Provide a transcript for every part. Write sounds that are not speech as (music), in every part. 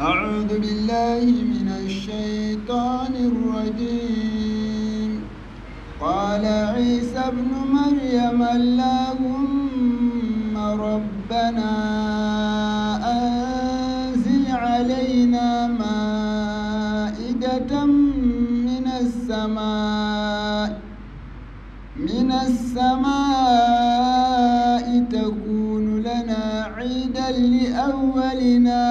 أعوذ بالله من الشيطان الرجيم قال عيسى ابن مريم اللهم ربنا أنزل علينا مائدة من السماء من السماء تكون لنا عيدا لأولنا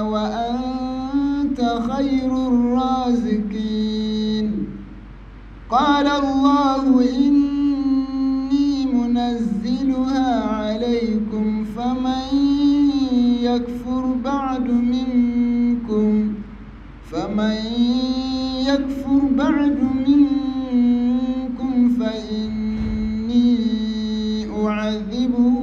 وأنت خير الرازقين قال الله إني منزلها عليكم فمن يكفر بعد منكم فمن يكفر بعد منكم فإني أعذبه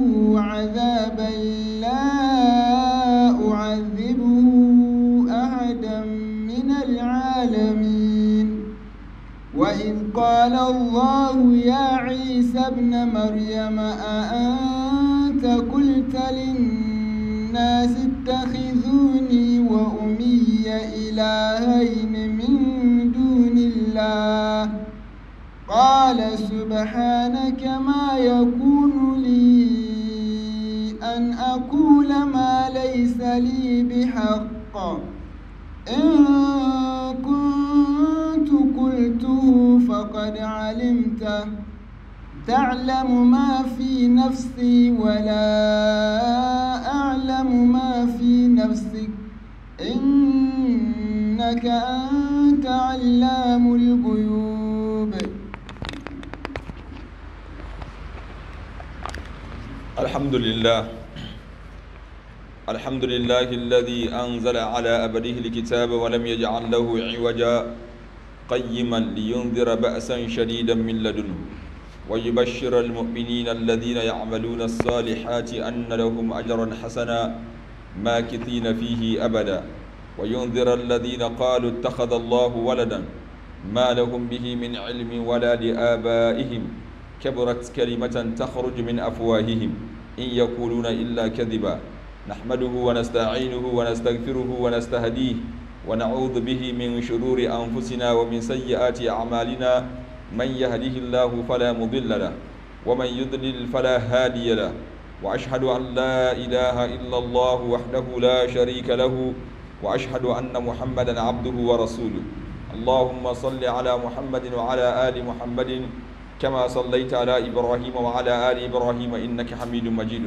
قال الله يا عيسى ابن مريم أأنت قلت للناس اتخذوني وأمي إلهين من دون الله قال سبحانك ما يكون لي أن أقول ما ليس لي بحق إن قد علمت تعلم ما في نفسي ولا أعلم ما في نفسك إنك أنت علام الغيوب الحمد لله الحمد لله الذي أنزل على أبده الكتاب ولم يجعل له عوجا قيما لينذر بأسا شديدا من لدنه ويبشر المؤمنين الذين يعملون الصالحات أن لهم أجرا حسنا ماكثين فيه أبدا وينذر الذين قالوا اتخذ الله ولدا ما لهم به من علم ولا لآبائهم كبرت كلمة تخرج من أفواههم إن يقولون إلا كذبا نحمده ونستعينه ونستغفره ونستهديه ونعوذ به من شرور أنفسنا ومن سيئات أعمالنا من يهده الله فلا مضل له ومن يضلل فلا هادي له وأشهد أن لا إله إلا الله وحده لا شريك له وأشهد أن محمدا عبده ورسوله اللهم صل على محمد وعلى آل محمد كما صليت على إبراهيم وعلى آل إبراهيم إنك حميد مجيد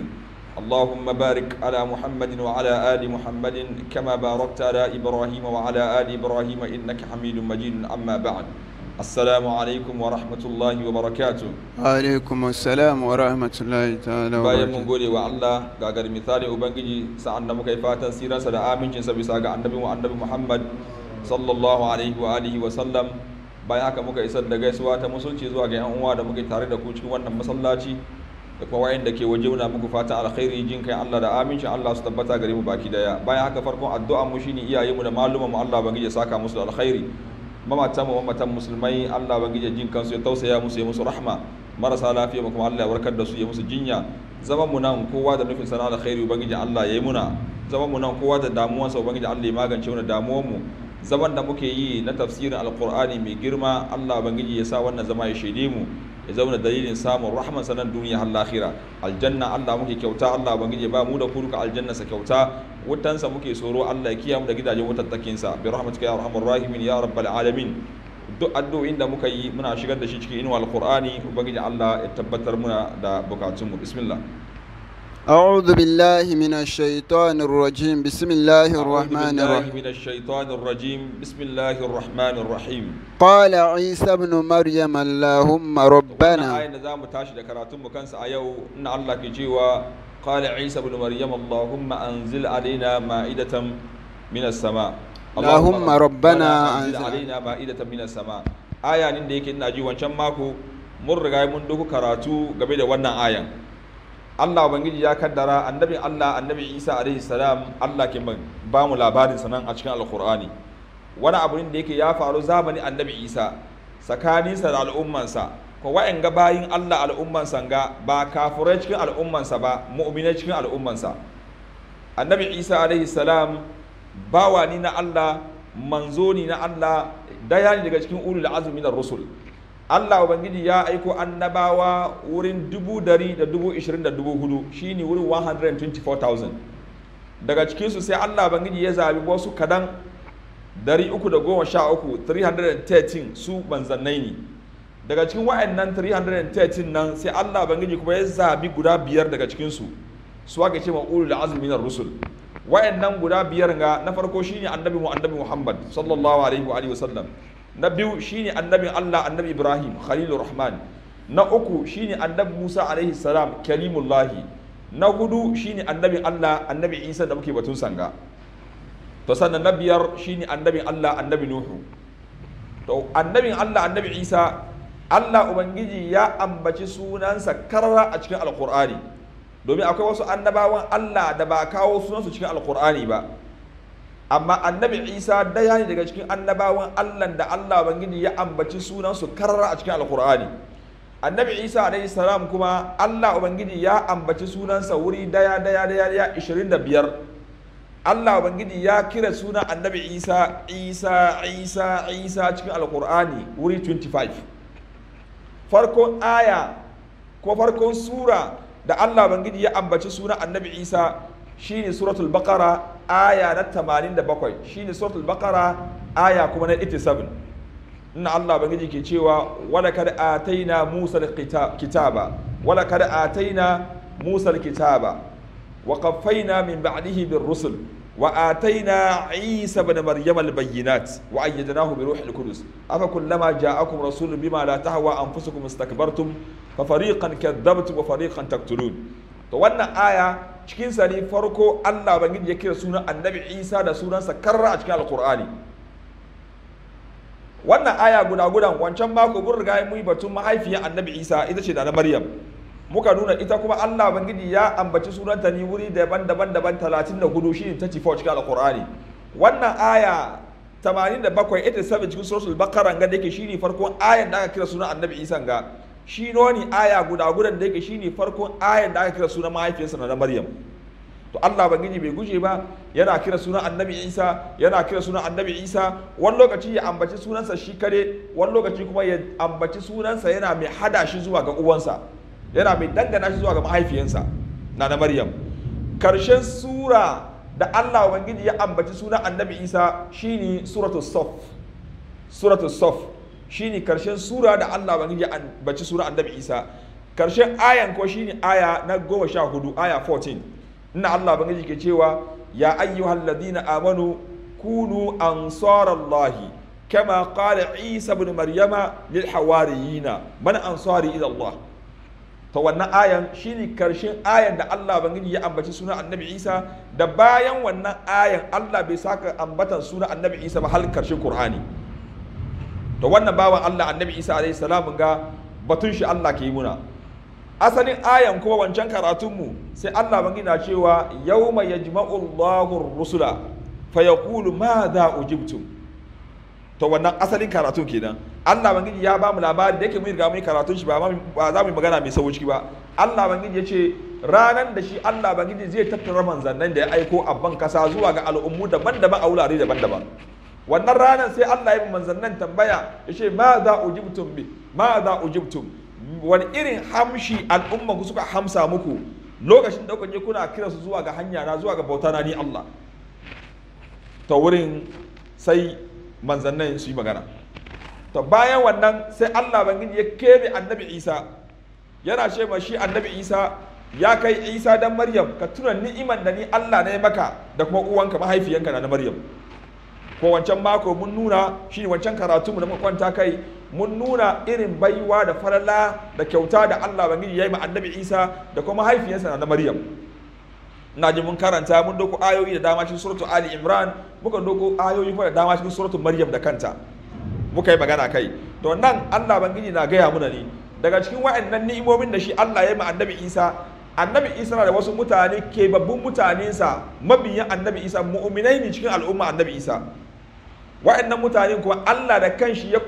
اللهم بارك على محمد وعلى آل محمد كما باركت على إبراهيم وعلى آل إبراهيم إنك حميد مجيد أما بعد السلام عليكم ورحمة الله وبركاته عليكم السلام ورحمة الله تعالى وبركاته bayan mun gode wa Allah ga gar misali ubangiji sa'an da muka yi fatan sirarsa da amincinsa bisa ga annabi mu Muhammad sallallahu alaihi wa alihi wa sallam bayan haka muka isa da gaisuwa ta musulci zuwa ga yan uwa tare da ku cikin wannan masallaci da kuma wayanda ke waje muna muku fatan alkhairi jin kai Allah da aminci Allah su tabbata gare mu baki daya bayan haka farkon addu'a mu shine iyayenmu da malumanmu mu Allah bangije saka musu da alkhairi mamatan mu mamatan musulmai Allah bangije jin kansu ya tausaya musu ya musu rahma marasa lafiya mu kuma Allah ya warkar da su ya musu jinya zaman mu nan kowa da nufin sana alkhairi ubangiji Allah ya yi muna zaman mu nan kowa da damuwan damuwansa ubangiji Allah ya magance mana damuwan mu zaman da muke yi na tafsirin alkur'ani mai girma Allah bangiji ya sa wannan zama ya shaide mu ya zauna dalilin samun rahman sanan duniya har lahira aljanna Allah muke kyauta Allah ubangiji ba mu da ku duka aljanna sa kyauta wutansa muke tsoro Allah ya kiyamu da gidajen wutattakin sa bi rahmatika ya arhamar rahimin ya rabbal alamin duk addu'o'in da muka yi muna shigar da shi cikin inuwa alqur'ani ubangiji Allah ya tabbatar muna da bukatunmu bismillah أعوذ بالله من الشيطان الرجيم بسم الله الرحمن الرحيم من الشيطان الرجيم بسم الله الرحمن الرحيم قال عيسى ابن مريم اللهم ربنا آية نظام تاشد كراتم كنس أيو إن الله كجيوا قال عيسى ابن مريم اللهم أنزل علينا مائدة من السماء اللهم ربنا أنزل علينا مائدة من السماء آية نندي كنا جيوا شماكو mun riga mun doku karatu game da wannan ayan Allah ubangiji ya kaddara annabi Allah annabi Isa alaihi salam Allah ke ba mu labarin sanan a cikin alkur'ani wani abu ne da yake ya faru zamani annabi Isa tsakaninsa da sa ko wa'in ga bayin Allah sa ga ba kafurai cikin sa ba mu'minai cikin sa annabi Isa alaihi salam bawa ni na Allah manzo ni na Allah daya ne daga cikin ulul azumi na rusul Allah Ubangiji ya aiko annabawa wurin dubu dari da dubu ishirin da dubu hudu shi ne wurin 124,000 daga cikinsu sai Allah Ubangiji ya zabi wasu kadan dari uku da goma sha uku 313 su banzannai ne daga cikin wa'annan 313 nan sai Allah Ubangiji kuma ya zabi guda biyar daga cikinsu su wa ce ma'ulu da azumi na rusul wa'annan guda biyar ga na farko shine annabi mu annabi Muhammad sallallahu alaihi wa sallam na biyu shine annabin Allah annabi Ibrahim Khalilur Rahman na uku shine annabi Musa alaihi salam kalimullahi na hudu shine annabin Allah annabi Isa da muke batun sanga to sannan na biyar shine annabin Allah annabi Nuhu to annabin Allah annabi Isa Allah ubangiji ya ambaci sunansa karra a cikin alkur'ani domin akwai wasu annabawan Allah da ba kawo sunansu cikin alkur'ani ba amma annabi isa daya ne daga cikin annabawan allah da allah bangiji ya ambaci sunansu karara a cikin alkur'ani annabi isa alaihi salam kuma allah ubangiji ya ambaci sunansa wuri daya daya daya daya ishirin da biyar allah ubangiji ya kira suna annabi isa isa isa isa cikin alkur'ani wuri 25 farkon aya ko farkon sura da allah ubangiji ya ambaci suna annabi isa shine suratul baqara aya na tamanin da shi shine suratul bakara aya kuma na 87 inna Allah bangiji ke cewa wala kad ataina Musa kitaba wala kad ataina Musa kitaba wa qaffayna min ba'dihi bir rusul wa ataina Isa ibn Maryam al bayyinat wa ayyadnahu bi ruhil qudus afa kullama ja'akum rasulun bima la tahwa anfusukum istakbartum fa fariqan kadhabtum wa fariqan taqtulun to wannan aya cikin sa ne farko Allah bangiji ya kira sunan annabi Isa da sunansa karra a cikin alkur'ani wannan aya guda gudan wancan mako mun riga mun yi batun mahaifiyar annabi Isa ita ce da na Maryam muka nuna ita kuma Allah bangiji ya ambaci sunanta ni wuri daban-daban daban 34 shi ta cifa cikin alkur'ani wannan aya 87 ita cikin suratul baqara ga dake ne farkon ayar da aka kira sunan annabi Isa ga shi noni aya guda gudan da yake shi ne farkon ayan da aka kira sunan mahaifiyarsa na Maryam to Allah gini bai guje ba yana kira sunan annabi Isa yana kira sunan annabi Isa wani lokaci ya ambaci sunansa shi kare wani lokaci kuma ya ambaci sunansa yana mai hada shi zuwa ga uwansa yana mai dangana shi zuwa ga mahaifiyansa na na Maryam karshen sura da Allah bangiji ya ambaci sunan annabi Isa shine suratul saf suratul saf shine karshen sura da Allah ba ya baci sura annabi Isa karshen ayan ko shine aya na goma sha hudu aya 14 inna Allah ba ke cewa ya ayyuhal ladina amanu kunu ansarallahi kama qala Isa ibn Maryama lil hawariyina man ansari ila Allah to wannan ayan shine karshen ayan da Allah bangiji ya ambaci sunan Annabi Isa da bayan wannan ayan Allah bai saka ambatan sunan Annabi Isa ba har karshen Qur'ani to wannan bawan Allah annabi Isa alaihi salamu ga batun shi Allah ke yi muna asalin ayan kuma wancan karatunmu sai Allah bangi na cewa yawma yajma'u Allahu rusula fa yaqulu madha ujibtum to wannan asalin karatun kenan Allah bangiji ya ba mu labarin da yake mun riga mun karatun shi ba za mu yi magana mai sauki ba Allah bangiji ya ce ranan da shi Allah bangiji zai tattara manzannin da ya aiko a ban kasa zuwa ga al'ummu daban-daban a wurare daban-daban wannan ranar sai Allah ya yi manzannin tambaya ya ce ma za ujibtum bi ma za ujibtum wani irin hamshi al'umma ku suka hamsa muku lokacin da kuke kuna kira su zuwa ga hanya na zuwa ga bauta na ni Allah ta wurin sai manzannin su yi magana to bayan wannan sai Allah bangiji ya kebe annabi Isa yana ce ma shi annabi Isa ya kai Isa dan Maryam ka tuna ni'iman da ni Allah na yi maka da kuma uwanka mahaifiyanka na Maryam ko wancan mako mun nuna shi wancan karatu mu da muka kwanta kai mun nuna irin baiwa da farala da kyauta da Allah ya yi ma annabi Isa da kuma haifiyarsa na Maryam na ji mun karanta mun doko ayoyi da dama cikin suratul Ali Imran muka doko ayoyi da dama cikin suratul Maryam da kanta muka yi magana kai to nan Allah na gaya muna ne daga cikin wa'annan ni'imomin da shi Allah ya yi ma annabi Isa annabi Isa na da wasu mutane babbun mutanensa mabiyan annabi Isa mu'minai ne cikin al'umma annabi Isa wa'annan mutane kuma Allah da kanshi ya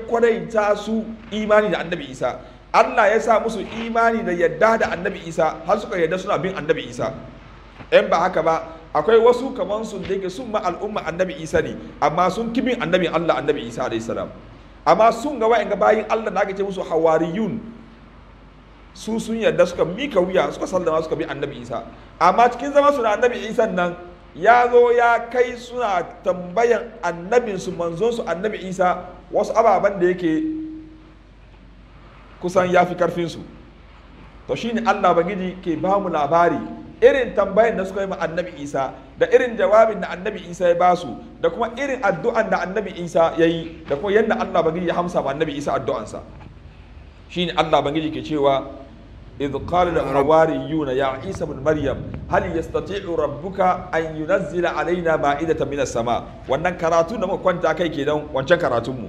ta su imani da annabi Isa Allah ya sa musu imani da yadda da annabi Isa har suka yadda suna bin annabi Isa in ba haka ba akwai wasu kaman su da yake sun ma al'umma annabi Isa ne amma sun kibin annabi Allah annabi Isa alayhi salam amma sun ga ga bayin Allah da aka ce musu hawariyun su sun yadda suka mika wuya suka sallama suka bi annabi Isa amma cikin zama suna da annabi Isa nan ya zo ya kai suna tambayan annabinsu manzonsu annabi isa wasu ababen da yake kusan ya fi karfinsu to shi ne allah bagiji ke ba mu labari irin tambayan da suka yi ma annabi isa da irin jawabin da annabi isa ya ba su da kuma irin addu'an da annabi isa ya yi da kuma yadda allah bagiji ya hamsa ma annabi isa addu'ansa ne allah bagiji ke cewa إذ قال الحواريون يا عيسى بن مريم هل يستطيع ربك أن ينزل علينا مائدة من السماء da muka kwanta kai kenan wancan karatun mu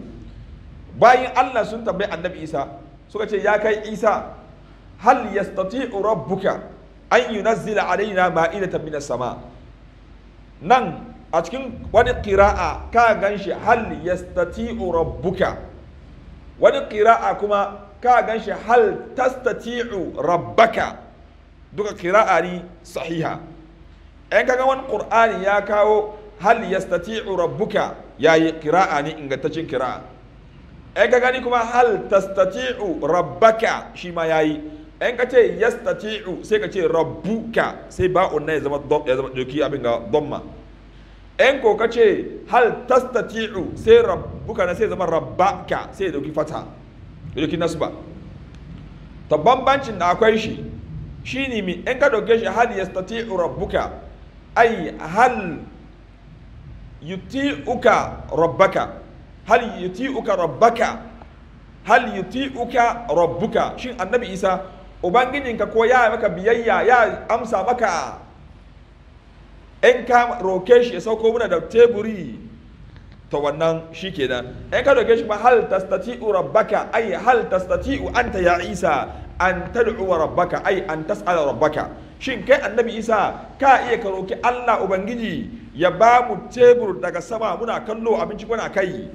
bayan Allah sun tambayi annabi Isa suka ce ya kai Isa hal yastati'u rabbuka an nan a cikin wani qira'a ka ganshi hal wani kuma ka gan shi hal tastati'u rabbaka duka kira'a ne sahiha ɗan kaga wani qur'ani ya kawo hal yastati'u rabbuka yi kira'a ne ingantaccen kira'a ɗan ka gani kuma hal tastati'u rabbaka shi ma ya yi. ɗan ka ce yastati'u sai ka ce rabbuka sai ba unna ya zama ya zama doki abin ga dhamma ɗan ko ka ce hal tastati'u sai rabbuka na sai zama rabbaka sai ya doki fata bai dauki nasba ta bambancin da akwai shi shi ne mai in ka dauke shi hal stati rabbuka ai hal yuti'uka rabbaka hal yuti'uka rabbaka hal yuti'uka rabbuka shin annabi isa ubangijinka ko ya maka biyayya ya amsa maka in ka roke shi ya sauko muna da teburi ta wannan shi kenan in ka doke shi ba hal tastati'u rabbaka ai hal tastati'u anta ya isa an tad'u rabbaka ai an tas'ala rabbaka shin kai annabi isa ka iya ka roki allah ubangiji ya ba mu tebur daga sama muna kallo abinci muna kai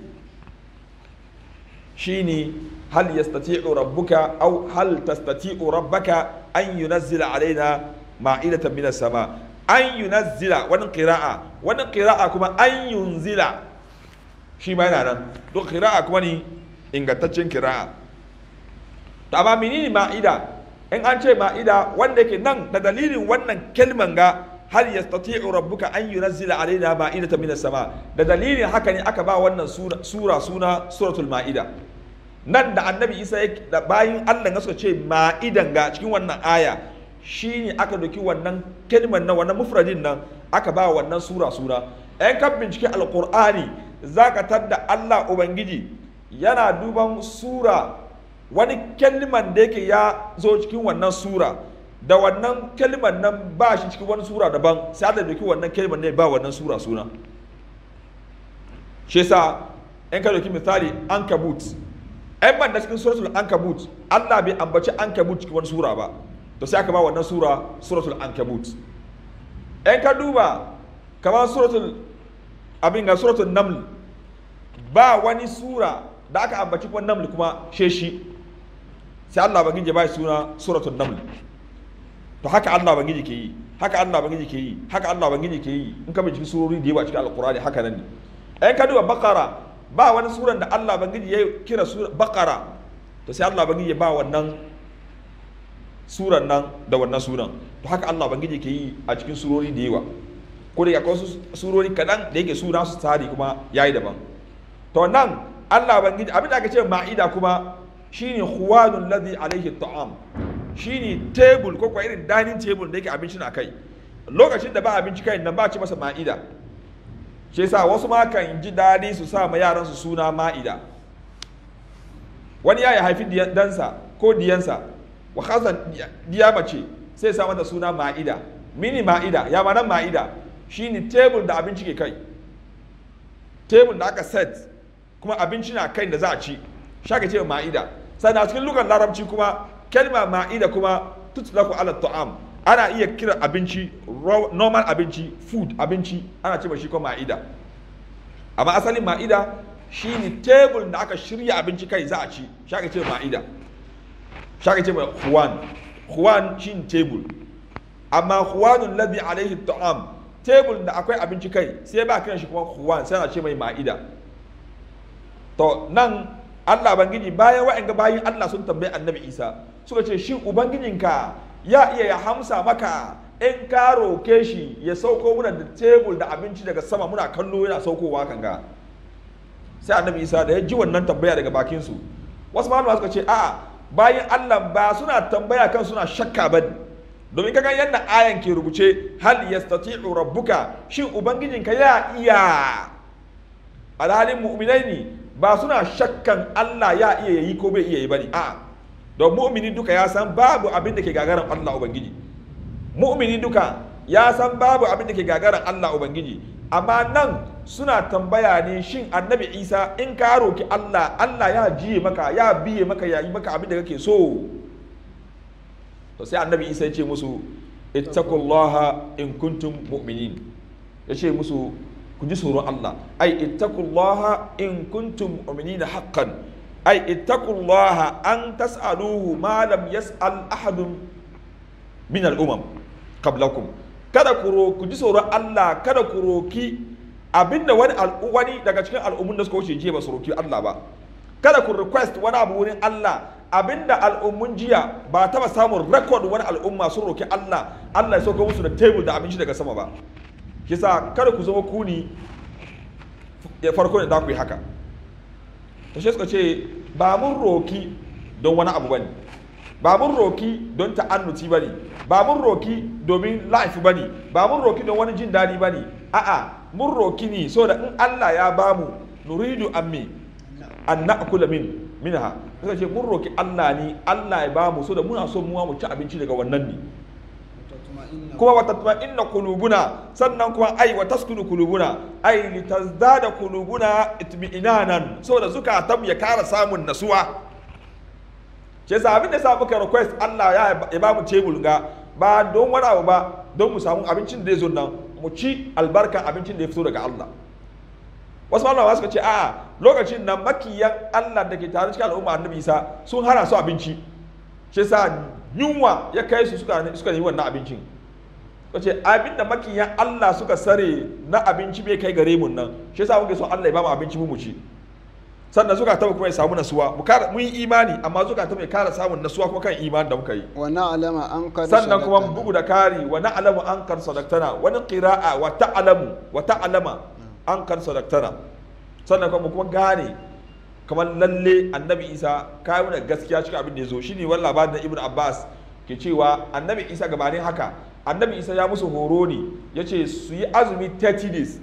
shine hal yastati'u rabbuka au hal tastati'u rabbaka an yunazzila alaina ma'idatan minas sama an yunazzila wannan qira'a wannan qira'a kuma an yunzila shi ma yana nan don kira'a kuma ni ingantaccen kira'a to amma menene ma'ida in an ce ma'ida wanda yake nan da dalilin wannan kalman ga hal yastati'u rabbuka an yunazzila alaina ma'idatan minas sama da dalilin haka ne aka ba wannan sura suna suratul ma'ida nan da annabi isa da bayin allah suka ce ma'idan ga cikin wannan aya shi ne aka doki wannan kalmar na wannan mufradin nan aka ba wannan sura suna yan kan bincike alkur'ani zaka tadda Allah ubangiji yana duban sura wani kalman da yake ya zo cikin wannan sura da wannan kalman nan ba shi cikin wani sura daban sai da doki wannan kalman ne ba wannan sura suna shi yasa in ka doki misali ankabut ai ban da cikin suratul ankabut Allah bai ambaci ankabut cikin wani sura ba to sai aka ba wannan sura suratul ankabut Yan ka duba kamar suratul abin ga suratul naml ba wani sura da aka ambaci kuma naml kuma sheshi sai Allah bangiji bai suna suratul naml to haka Allah bangiji ke yi haka Allah bangiji ke yi haka Allah bangiji ke yi in ka binciki surori da yawa cikin alqur'ani haka nan ne ayan ka duba baqara ba wani suran da Allah bangiji ya kira sura baqara to sai Allah bangiji ba wannan suran nan da wannan suran to haka Allah bangiji ke yi a cikin surori da yawa ko da akwai surori kadan da yake suna su tsari kuma yayi daban to nan Allah bangiji abin da aka ce ma'ida kuma shine khuwanul ladhi alaihi ta'am shine tebul ko irin dining table da yake abinci na kai lokacin da ba abinci kai nan ba ci masa ma'ida shi yasa wasu ma kan ji dadi su sa ma yaran su suna ma'ida wani ya yi haifi dansa ko diyansa wa khazan diya mace sai sa mata suna ma'ida mini ma'ida ya ma nan ma'ida shine table da abinci ke kai table da aka set kuma abinci na kai da za a ci Sha shaka ce ma'ida sannan a cikin lugar larabci kuma kalma ma'ida kuma tutlaku ala ta'am ana iya kiran abinci normal abinci food abinci ana ce shi kuma ma'ida amma asalin ma'ida ne table da aka shirya abinci kai za a ci Sha shaka ce ma'ida shaka ce mai huwan huwan ne table amma huwanun ladhi alaihi ta'am table da akwai abinci kai sai ba kiran shi kuma huwan sai ana ce mai ma'ida to nan Allah bangiji bayan wa'anga bayin Allah sun tambayi annabi Isa suka ce shi ka ya iya ya hamsa maka in ka roke shi ya sauko muna da tebul da abinci daga sama muna kallo yana saukowa kanga sai annabi Isa da ya ji wannan tambaya daga bakin su wasu malama suka ce a'a bayan Allah ba suna tambaya kan suna shakka ba domin kaga yadda ayan ke rubuce hal yastati'u rabbuka shin ka ya iya alhalin mu'minai ne ba suna shakkan Allah ya iya yi ko bai iya yi bane a'a don mu'mini duka ya san babu abin da ke gagaran Allah ubangiji mu'mini duka ya san babu abin da ke gagaran Allah ubangiji amma nan suna tambaya ne shin annabi Isa in ka roki Allah Allah ya jiye maka ya biye maka ya yi maka abin da kake so to sai annabi Isa ya ce musu ittaqullaha in kuntum mu'minin ya ce musu ku ji tsoron Allah ai ittaqullaha in kuntum mu'minina haqqan ai ittaqullaha an tas'aluhu ma lam yas'al ahadun min al-umam qablakum kada ku ku ji tsoron Allah kada ku roki abinda wani daga cikin al'ummun da suka wuce jiya ba su roki Allah ba kada ku request wani abu wurin Allah abinda al'ummun jiya ba taba samun record wani al'umma sun roki Allah Allah ya sauka musu da table da abinci daga sama ba kisa kada ku zama kuni ya farko ne da ku yi haka to shi suka ce ba mun roki don wani abu bane ba mun roki don ta'annuti bane ba mun roki domin life bane ba mun roki don wani jin dadi bane a'a mun roki ne da in Allah ya bamu nuridu ammi an na'kula min minha suka ce mun roki Allah ne Allah ya bamu da muna so mu ci abinci daga wannan ne kuma wa tatma'inna kulubuna sannan kuma ai wa sukunu kulubuna ai litazdada qulubuna itmi'nanan saboda tam ya kara samun nasuwa ce sa abin da sa muka request Allah ya ba mu tebul ga ba don wani abu ba don mu samu abincin da ya zo nan mu ci albarka abincin da ya fito daga Allah wasu malama suka ce a lokacin nan makiyan Allah da ke tare cikin al'umma annabi Isa sun hana su abinci ce sa yunwa ya kai su suka suka yi wannan abincin ce abin da makiyan Allah suka sare na abinci bai kai gare mu nan shi yasa muke so Allah ya ba mu abinci mu ci sannan suka taba kuma ya samu nasuwa mu yi imani amma suka taba ya kara samun nasuwa kuma kan imani da muka yi wa alama an kar sannan kuma bugu da kari wa na'lamu an kar sadaktana wani qira'a wa ta'lamu wa ta'lama an kar sadaktana sannan kuma kuma gane kamar lalle annabi isa kayi gaskiya cikin abin da ya zo shine wani labarin na ibn abbas ke cewa annabi isa gabanin haka annabi isa ya musu horo ne ya ce su yi azumi 30 days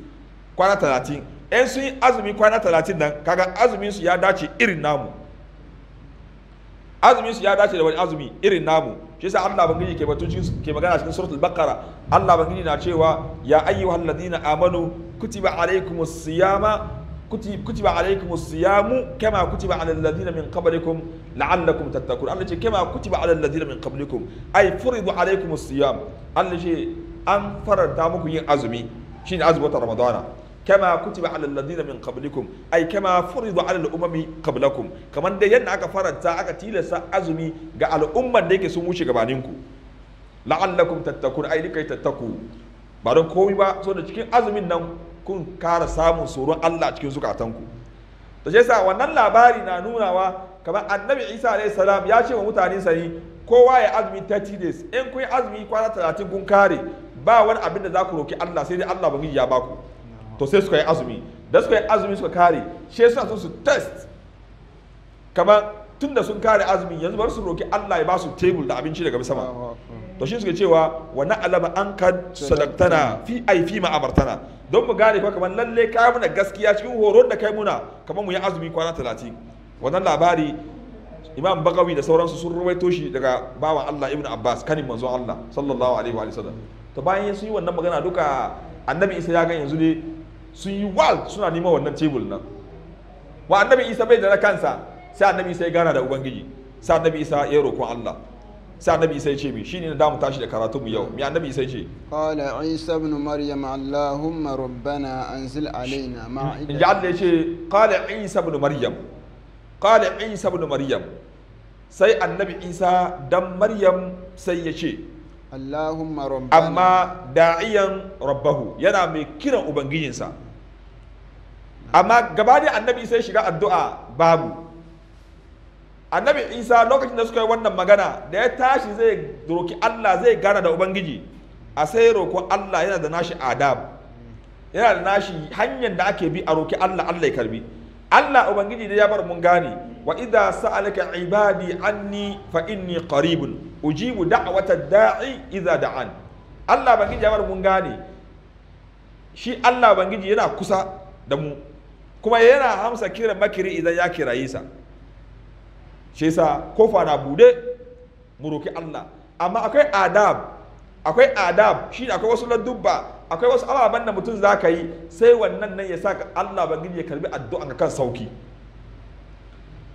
kwana 30 yan sun yi azumi kwana 30 nan kaga azumin su ya dace irin namu azumin su ya dace da wani azumi irin namu shi yasa Allah bangiji ke batun ke magana cikin suratul baqara Allah bangiji na cewa ya ayyuhal ladina amanu kutiba alaykumus siyama kutiba alaikum siyamu kama kutiba ala alladhina min qablikum la'allakum tattaqun Allah ce kama kutiba ala alladhina min qablikum ay furidu alaikum siyam Allah ce an faranta muku yin azumi shine ta ramadana kama kutiba ala alladhina min qablikum ay kama furidu ala al-umami qablakum kaman dai yadda aka faranta aka tilasta azumi ga al'ummar da yake sun wuce gabaninku la'allakum tattakun ai kai tattaku ba don komai ba so da cikin azumin nan kun kara samun tsoron Allah cikin zukatanku da shi yasa wannan labari na nunawa kamar annabi Isa alayhi salam ya ce wa mutane sani kowa ya azumi 30 days in kun azumi kwana 30 kun kare ba wani abin da za ku roki Allah sai dai Allah bangiji ya baku to sai suka yi azumi da suka yi azumi suka kare shi suna sun su test kamar tun da sun kare azumi yanzu bar su roki Allah ya ba su table da abinci daga sama to shi suke cewa wa alama an kad sadaktana fi aifi fi ma amartana don mu gane fa kamar lalle ka muna gaskiya cikin horon da kai muna kamar mu yi azumi kwana talatin wannan labari imam bagawi da sauransu sun ruwaito shi daga bawan Allah ibn Abbas kanin manzo Allah sallallahu alaihi wa sallam to bayan sun yi wannan magana duka annabi Isa ya ga yanzu ne sun yi wal suna neman wannan tebul nan wa annabi Isa bai da kansa sai annabi Isa ya gana da ubangiji sai annabi Isa ya roƙon Allah sai annabi sai ce mi shine da mu tashi da karatu mu yau mi annabi sai ce qala isa ibn maryam allahumma rabbana anzil alaina ma'ida ya Allah ce qala isa ibn maryam qala isa ibn maryam sai annabi isa dan maryam sai ya ce allahumma rabbana amma da'iyan rabbahu yana mai kiran ubangijinsa amma gaba da annabi sai shiga addu'a babu annabi isa lokacin da suka yi wannan magana da ya tashi zai roki allah zai gana da ubangiji a sai roƙon allah yana da nashi adab yana da nashi hanyar da ake bi a roki allah allah ya karbi allah ubangiji da ya bar mun gane wa idza sa'alaka ibadi anni fa inni qaribun ujibu da'wata da'i idza da'an allah ubangiji ya bar mun gane shi allah ubangiji yana kusa da mu kuma yana hamsa kiran makiri idan ya kirayi sa shi yasa kofa na bude mu roki Allah amma akwai adab akwai adab shi akwai wasu ladubba akwai wasu ababen da mutum zaka yi sai wannan nan ya sa Allah gidi ya karbi addu'an ka kan sauki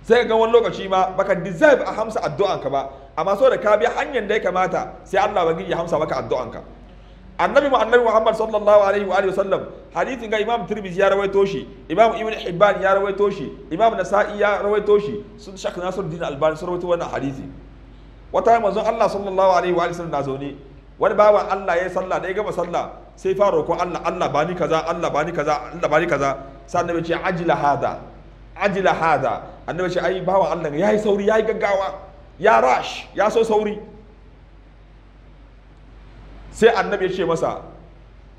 sai ga wani lokaci ma baka deserve a hamsa addu'an ka ba amma so da ka bi hanyar da ya kamata sai Allah gidi ya hamsa maka addu'an ka annabi mu annabi muhammad sallallahu alaihi wa alihi sallam hadithin ga imam tirmidhi ya rawaito shi imam ibn hibban ya rawaito shi imam nasa'i ya rawaito shi sun shak nasiruddin albani sun rawaito wannan hadithi wata manzon allah sallallahu alaihi wa alihi sallam na zaune wani bawan allah ya yi sallah da ya gama sallah sai fara roƙon allah allah bani kaza allah bani kaza allah bani kaza sai annabi ce ajila hada ajila hada annabi ce ai bawan allah ya yi sauri ya yi gaggawa ya rash ya so sauri sai annabi ya ce masa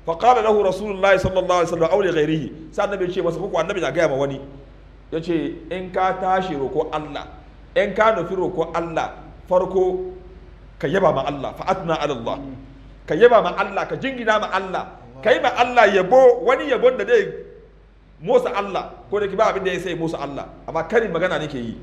fa qala lahu rasulullahi sallallahu alaihi wasallam aw li ghairihi sai annabi ya ce masa ko annabi na gaya ma wani ya ce in ka tashi roko Allah in ka nufi roko Allah farko ka yaba ma Allah fa atna ala Allah ka yaba ma Allah ka jingina ma Allah ka yi ma Allah yabo wani yabon da zai motsa Allah ko da ki ba abin da ya sai motsa Allah amma karin magana nake yi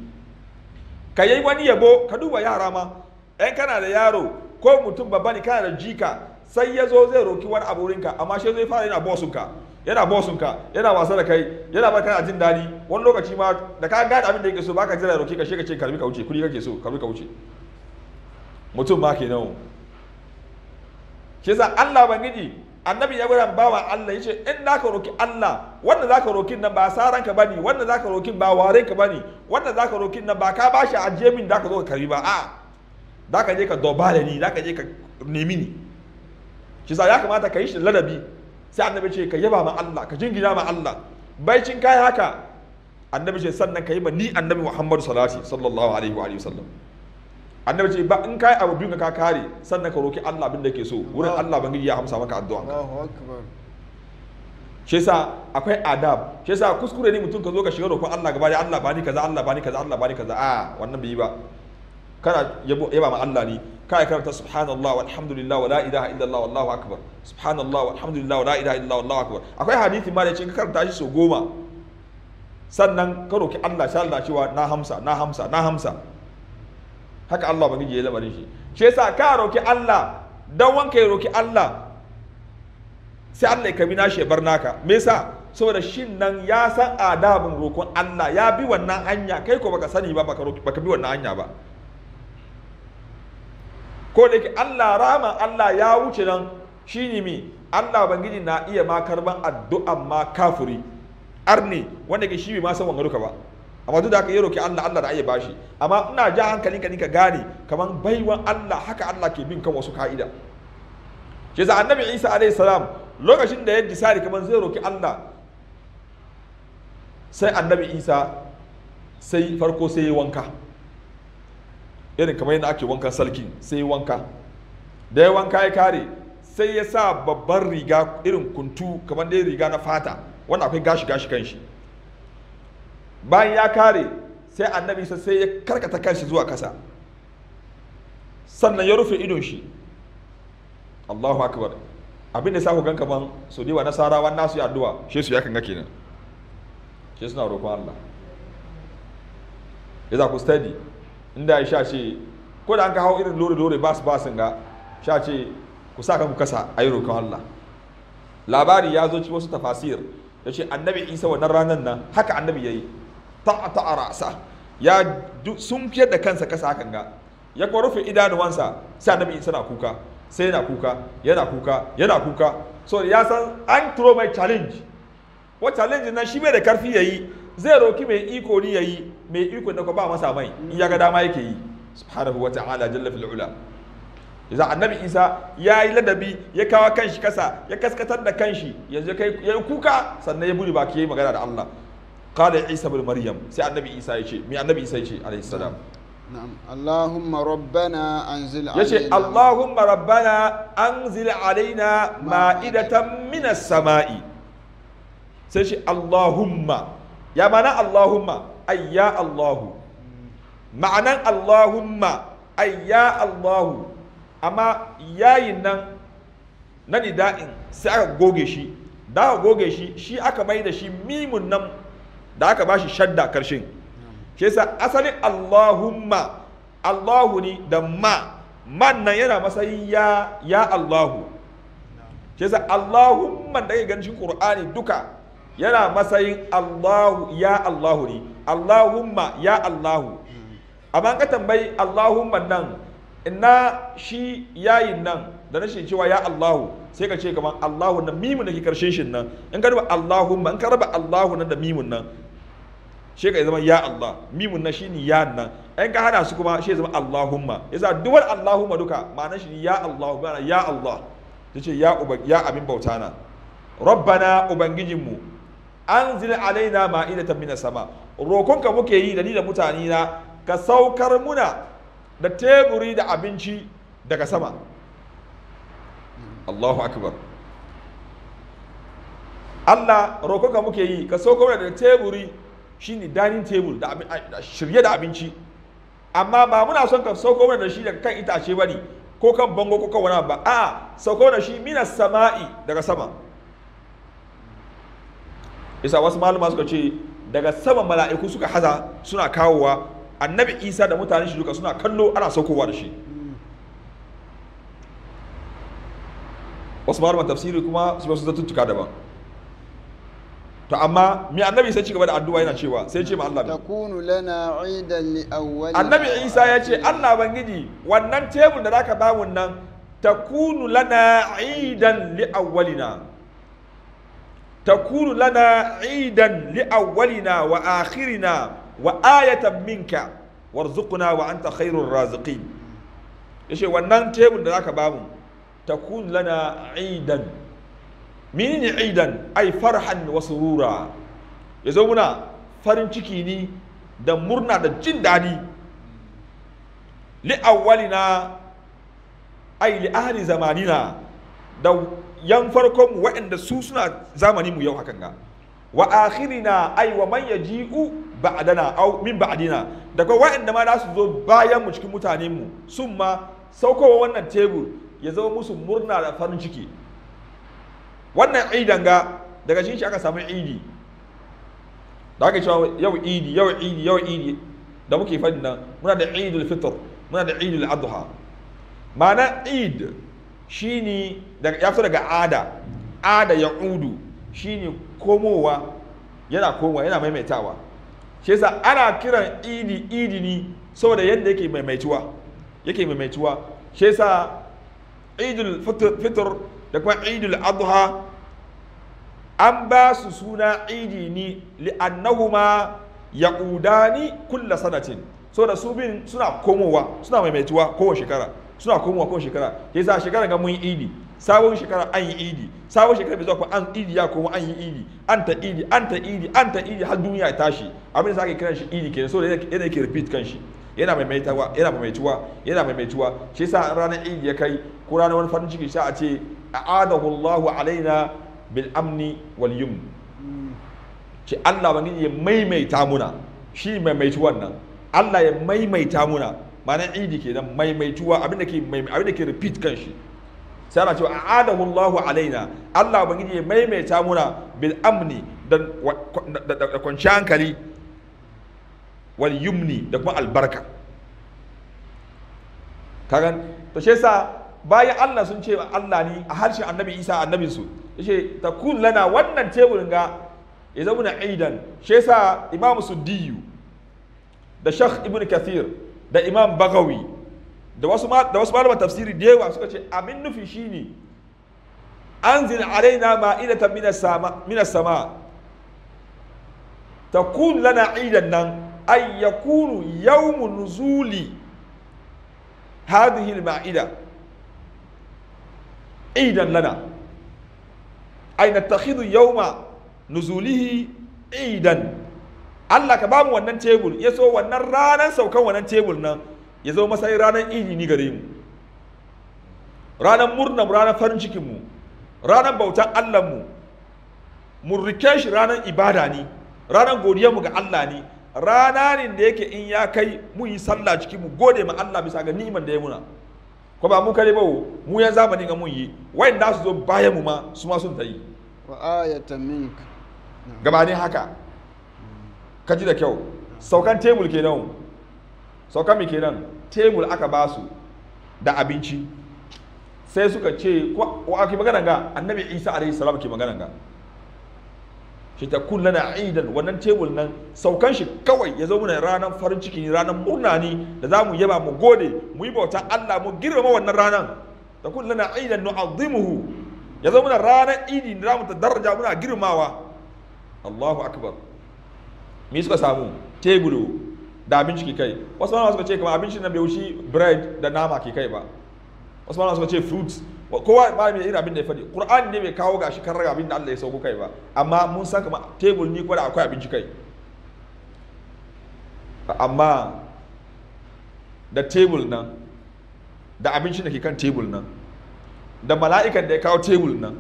ka yi wani yabo ka duba yara ma ɗan kana da yaro ko mutum babba ne kana da jika sai ya zo zai roki wani aborinka amma shi zai fara yana bosunka yana bosunka yana wasa da kai yana ba kana jin daɗi wani lokaci ma da ka gane abin da yake so baka jira roki ka shi ka ce karbi ka wuce kuri kake so karbi ka wuce mutum ma kenan shi yasa Allah bangiji annabi ya gwada bawa Allah yace in da ka roki Allah wanda zaka rokin nan ba saran ka bane wanda zaka rokin ba warenka ka bane wanda zaka rokin nan ba ka bashi ajiye min da ka zo ka karbi ba a'a za ka je ka da ni za ka je ka nemi ni shi ya kamata ka yi shi ladabi sai annabi ce ka yaba ma Allah ka jingina ma Allah baicin kai haka annabi ce sannan ka yi ma ni annabi Muhammadu salati sallallahu alaihi wa sallam annabi ce ba in kai abu biyun ka kare sannan ka roki Allah abin da ke so wurin Allah bangiji ya amsa maka addu'a shi sa akwai adab shi sa kuskure ne mutum ka zo ka shiga roƙon Allah gaba da Allah bani kaza Allah bani kaza Allah bani kaza a wannan bai yi ba kana yaba ma Allah ne kai karanta subhanallah walhamdulillah wa la ilaha illallah wallahu akbar subhanallah walhamdulillah wa la ilaha illallah wallahu akbar akwai hadisi ma da yake ka karanta shi so goma sannan ka roki Allah sha Allah cewa na hamsa na hamsa na hamsa haka Allah ba ya lamarin shi shi yasa ka roki Allah dan wanka ya roki Allah sai Allah ya kabi nashi ya bar naka me yasa saboda shin nan ya san adabin roƙon Allah ya bi wannan hanya kai ko baka sani ba baka bi wannan hanya ba ko da yake Allah rama Allah ya wuce nan shine mi Allah bangiji na iya ma karban addu'a ma kafiri arni wanda ke shi ma san wanga duka ba amma duk da haka ya roki Allah Allah da iya bashi amma ina ja hankali ka ka gane kaman baiwan Allah haka Allah ke bin kan wasu ka'ida shi za annabi Isa alaihi salam lokacin da ya disari kaman zai roki Allah sai annabi Isa sai farko sai ya wanka irin kamar yadda ake wanka salkin sai ya wanka da ya wanka ya kare sai ya sa babban riga irin kuntu kamar dai riga na fata wanda akwai gashi gashi kan shi bayan ya kare sai annabi sai ya karkata kanshi zuwa kasa sannan ya rufe idon shi Allahu akbar abin da sa ku gan kaman su diwa nasarawa nasu ya addu'a shi su ya kanga kenan shi suna roƙon Allah ya za ku study inda sha ce ko da an ka hau irin lori lori bas su ga sha ce ku sa ka ku kasa a yi roƙon Allah labari ya zo ci wasu tafasir ya ce annabi isa wannan ranar nan haka annabi ya yi ta'ata a rasa ya sun fiyar da kansa kasa hakan ga ya kuma rufe idanuwansa sai annabi isa na kuka sai yana kuka yana kuka yana kuka so ya san an turo mai challenge ko challenge na shi bai da karfi ya yi zai roki mai iko ni ya yi mai iko da ba masa mai in ya ga dama yake yi subhanahu wa ta'ala jalla fil ula yanzu annabi isa ya yi ladabi ya kawo kanshi kasa ya kaskatar da kanshi yanzu ya yi kuka sannan ya buri baki ya yi magana da allah qala isa bin maryam sai annabi isa ya ce mai annabi isa ya ce alayhi salam Allahumma rabbana anzil alaina yace Allahumma rabbana anzil alaina ma'idatan minas sama'i sai shi Allahumma ya mana Allahumma ayya Allahu ma'anan Allahumma ayya Allahu amma yayin nan na nida'in sai aka goge shi da aka goge shi shi aka mai da shi mimun nan da aka bashi shadda karshen shi yasa asalin Allahumma Allahu ne da ma man nan yana matsayin ya ya Allahu shi yasa Allahumma da aka ganin Kur'ani duka yana matsayin Allahu ya Allahu ne Allahumma ya Allahu amma ka tambayi Allahumma nan ina shi yayin nan da rashin cewa ya Allahu sai ka ce kamar Allahu na mimu da ke karshen shin nan in ka raba Allahumma in ka raba Allahu nan da mimu nan shi ka zama ya Allah mimu nan shine ya nan in ka hana su kuma shi zama Allahumma yasa duwar Allahumma duka ma'anar shi ya Allahu ma'ana ya Allah tace ya uba ya abin bauta na rabbana ubangijinmu anzil alaina ma'idatan minas sama rokonka muke yi da ni da mutane na ka saukar muna da teburi da abinci daga sama Allahu akbar Allah rokonka muke yi ka saukar muna da teburi shine dining table da shirye da abinci amma ba muna son ka saukar muna da shi daga kan itace ba ne ko kan bango ko kan wani ba a saukar da shi minas sama'i daga sama isa wasu malama suka ce daga saman mala'iku suka haza suna kawowa annabi isa da mutane shi duka suna kallo ana saukowa da shi wasu malaman tafsiri kuma su ba su zatuttuka daban to amma me annabi sai cigaba da addu'a yana cewa sai ce ma Allah takunu lana idan li annabi isa ya ce Allah bangiji wannan tebul da zaka bamu nan takunu lana idan li awwalina takunu lana idan li awwalina wa akhirina wa ayatan minka warzuqna wa anta khairur raziqin yace wannan tebul da zaka bamu takunu lana idan menene idan ai farhan wa surura yazo farin ciki ne da murna da jin dadi li ai li ahli zamanina da yan farkon mu waɗanda su suna zamani mu yau hakan ga wa akhirina ay wa man yaji'u ba'dana aw min ba'dina da kuma waɗanda ma za su zo bayan mu cikin mutanen mu sun ma saukowa wannan tebur ya zama musu murna da farin ciki wannan idan ga daga shi shi aka samu idi da aka cewa yau idi yau idi yau idi da muke fadi nan muna da idul fitr muna da idul adha ma'ana id shine daga ya daga ada ada ya udu shine komowa yana komowa yana maimaitawa shi yasa ana kiran idi idi ne saboda yadda yake maimaituwa yake maimaituwa shi yasa idul fitr da kuma idul adha an ba su suna idi ne li'annahuma udani kulla sanatin saboda su bin suna komowa suna maimaituwa kowace shekara suna komowa kowace shekara ya sa shekara ga mun yi idi sabon shekara an yi idi sabon shekara bai zuwa ko an idi ya komo an yi idi an ta idi an ta idi an ta idi har duniya ya tashi abin da ake kiran shi idi kenan so yana yake repeat kan shi yana maimaitawa yana maimaituwa yana maimaituwa ke yasa ranar idi ya kai ko ranar wani farin ciki sai a ce a'adahu Allahu alaina bil amni wal yum ce Allah bangiji ya maimaita muna shi maimaituwan nan Allah ya maimaita muna ma'anar idi kenan maimaituwa abin da ke abin ke repeat kanshi sai ana cewa a'adahu Allahu alaina Allah ubangiji ya maimaita muna bil amni da da hankali wal yumni da kuma albarka kagan to shi yasa bayan Allah sun ce Allah ne a harshen annabi Isa annabin su yace takun lana wannan teburin ga ya zama na aidan shi yasa Imam Suddiyu da Sheikh Ibn Kathir da imam bagawi da wasu da wasu malaman tafsiri da yawa suka ce abin nufi shine anzil alaina ma'idatan minas sama minas sama takun lana idan nan ay yakunu yawmu nuzuli hadhihi al-ma'ida idan lana ay nattakhidhu yawma nuzulihi idan Allah ka bamu wannan tebur ya so wannan ranar saukan wannan tebur nan ya zo masa ranar ni gare mu ranar murnar ranar farin cikin mu ranar bautan Allah mu mun rike shi ranar ibada ne ranar godiyar mu ga Allah ne rana ne da yake in ya kai mu yi sallah cikin mu gode ma Allah bisa ga ni'iman da ya muna ko ba mu kare ba mu ya zamani ga mun yi wai da su zo bayan mu ma su ma sun ta yi wa ayatan mink gabanin haka ka ji da kyau saukan tebul kenan saukan mi kenan tebul aka ba su da abinci sai suka ce wa ake magana ga annabi isa alaihi salam ke magana ga shi ta kulla na idan wannan tebul nan saukan shi kawai ya zo mana ranar farin ciki ne ranar murna ne da za mu yaba mu gode mu yi bauta Allah mu girmama wannan ranar ta kulla na idan nu'azzimuhu ya zo mana ranar idi da za mu ta daraja muna girmawa Allahu akbar me suka samu tebulo da abinci ke kai wasu malama suka ce kamar abinci na bai wuce bread da nama ke kai ba wasu malama suka ce fruits kowa ba mai irin abin da ya faɗi qur'ani ne bai kawo gashi kan raga abin da Allah ya sauko kai ba amma mun san kamar tebur ni kwada da akwai abinci kai amma da tebul nan da abincin da ke kan tebul nan da mala'ikan da ya kawo tebul nan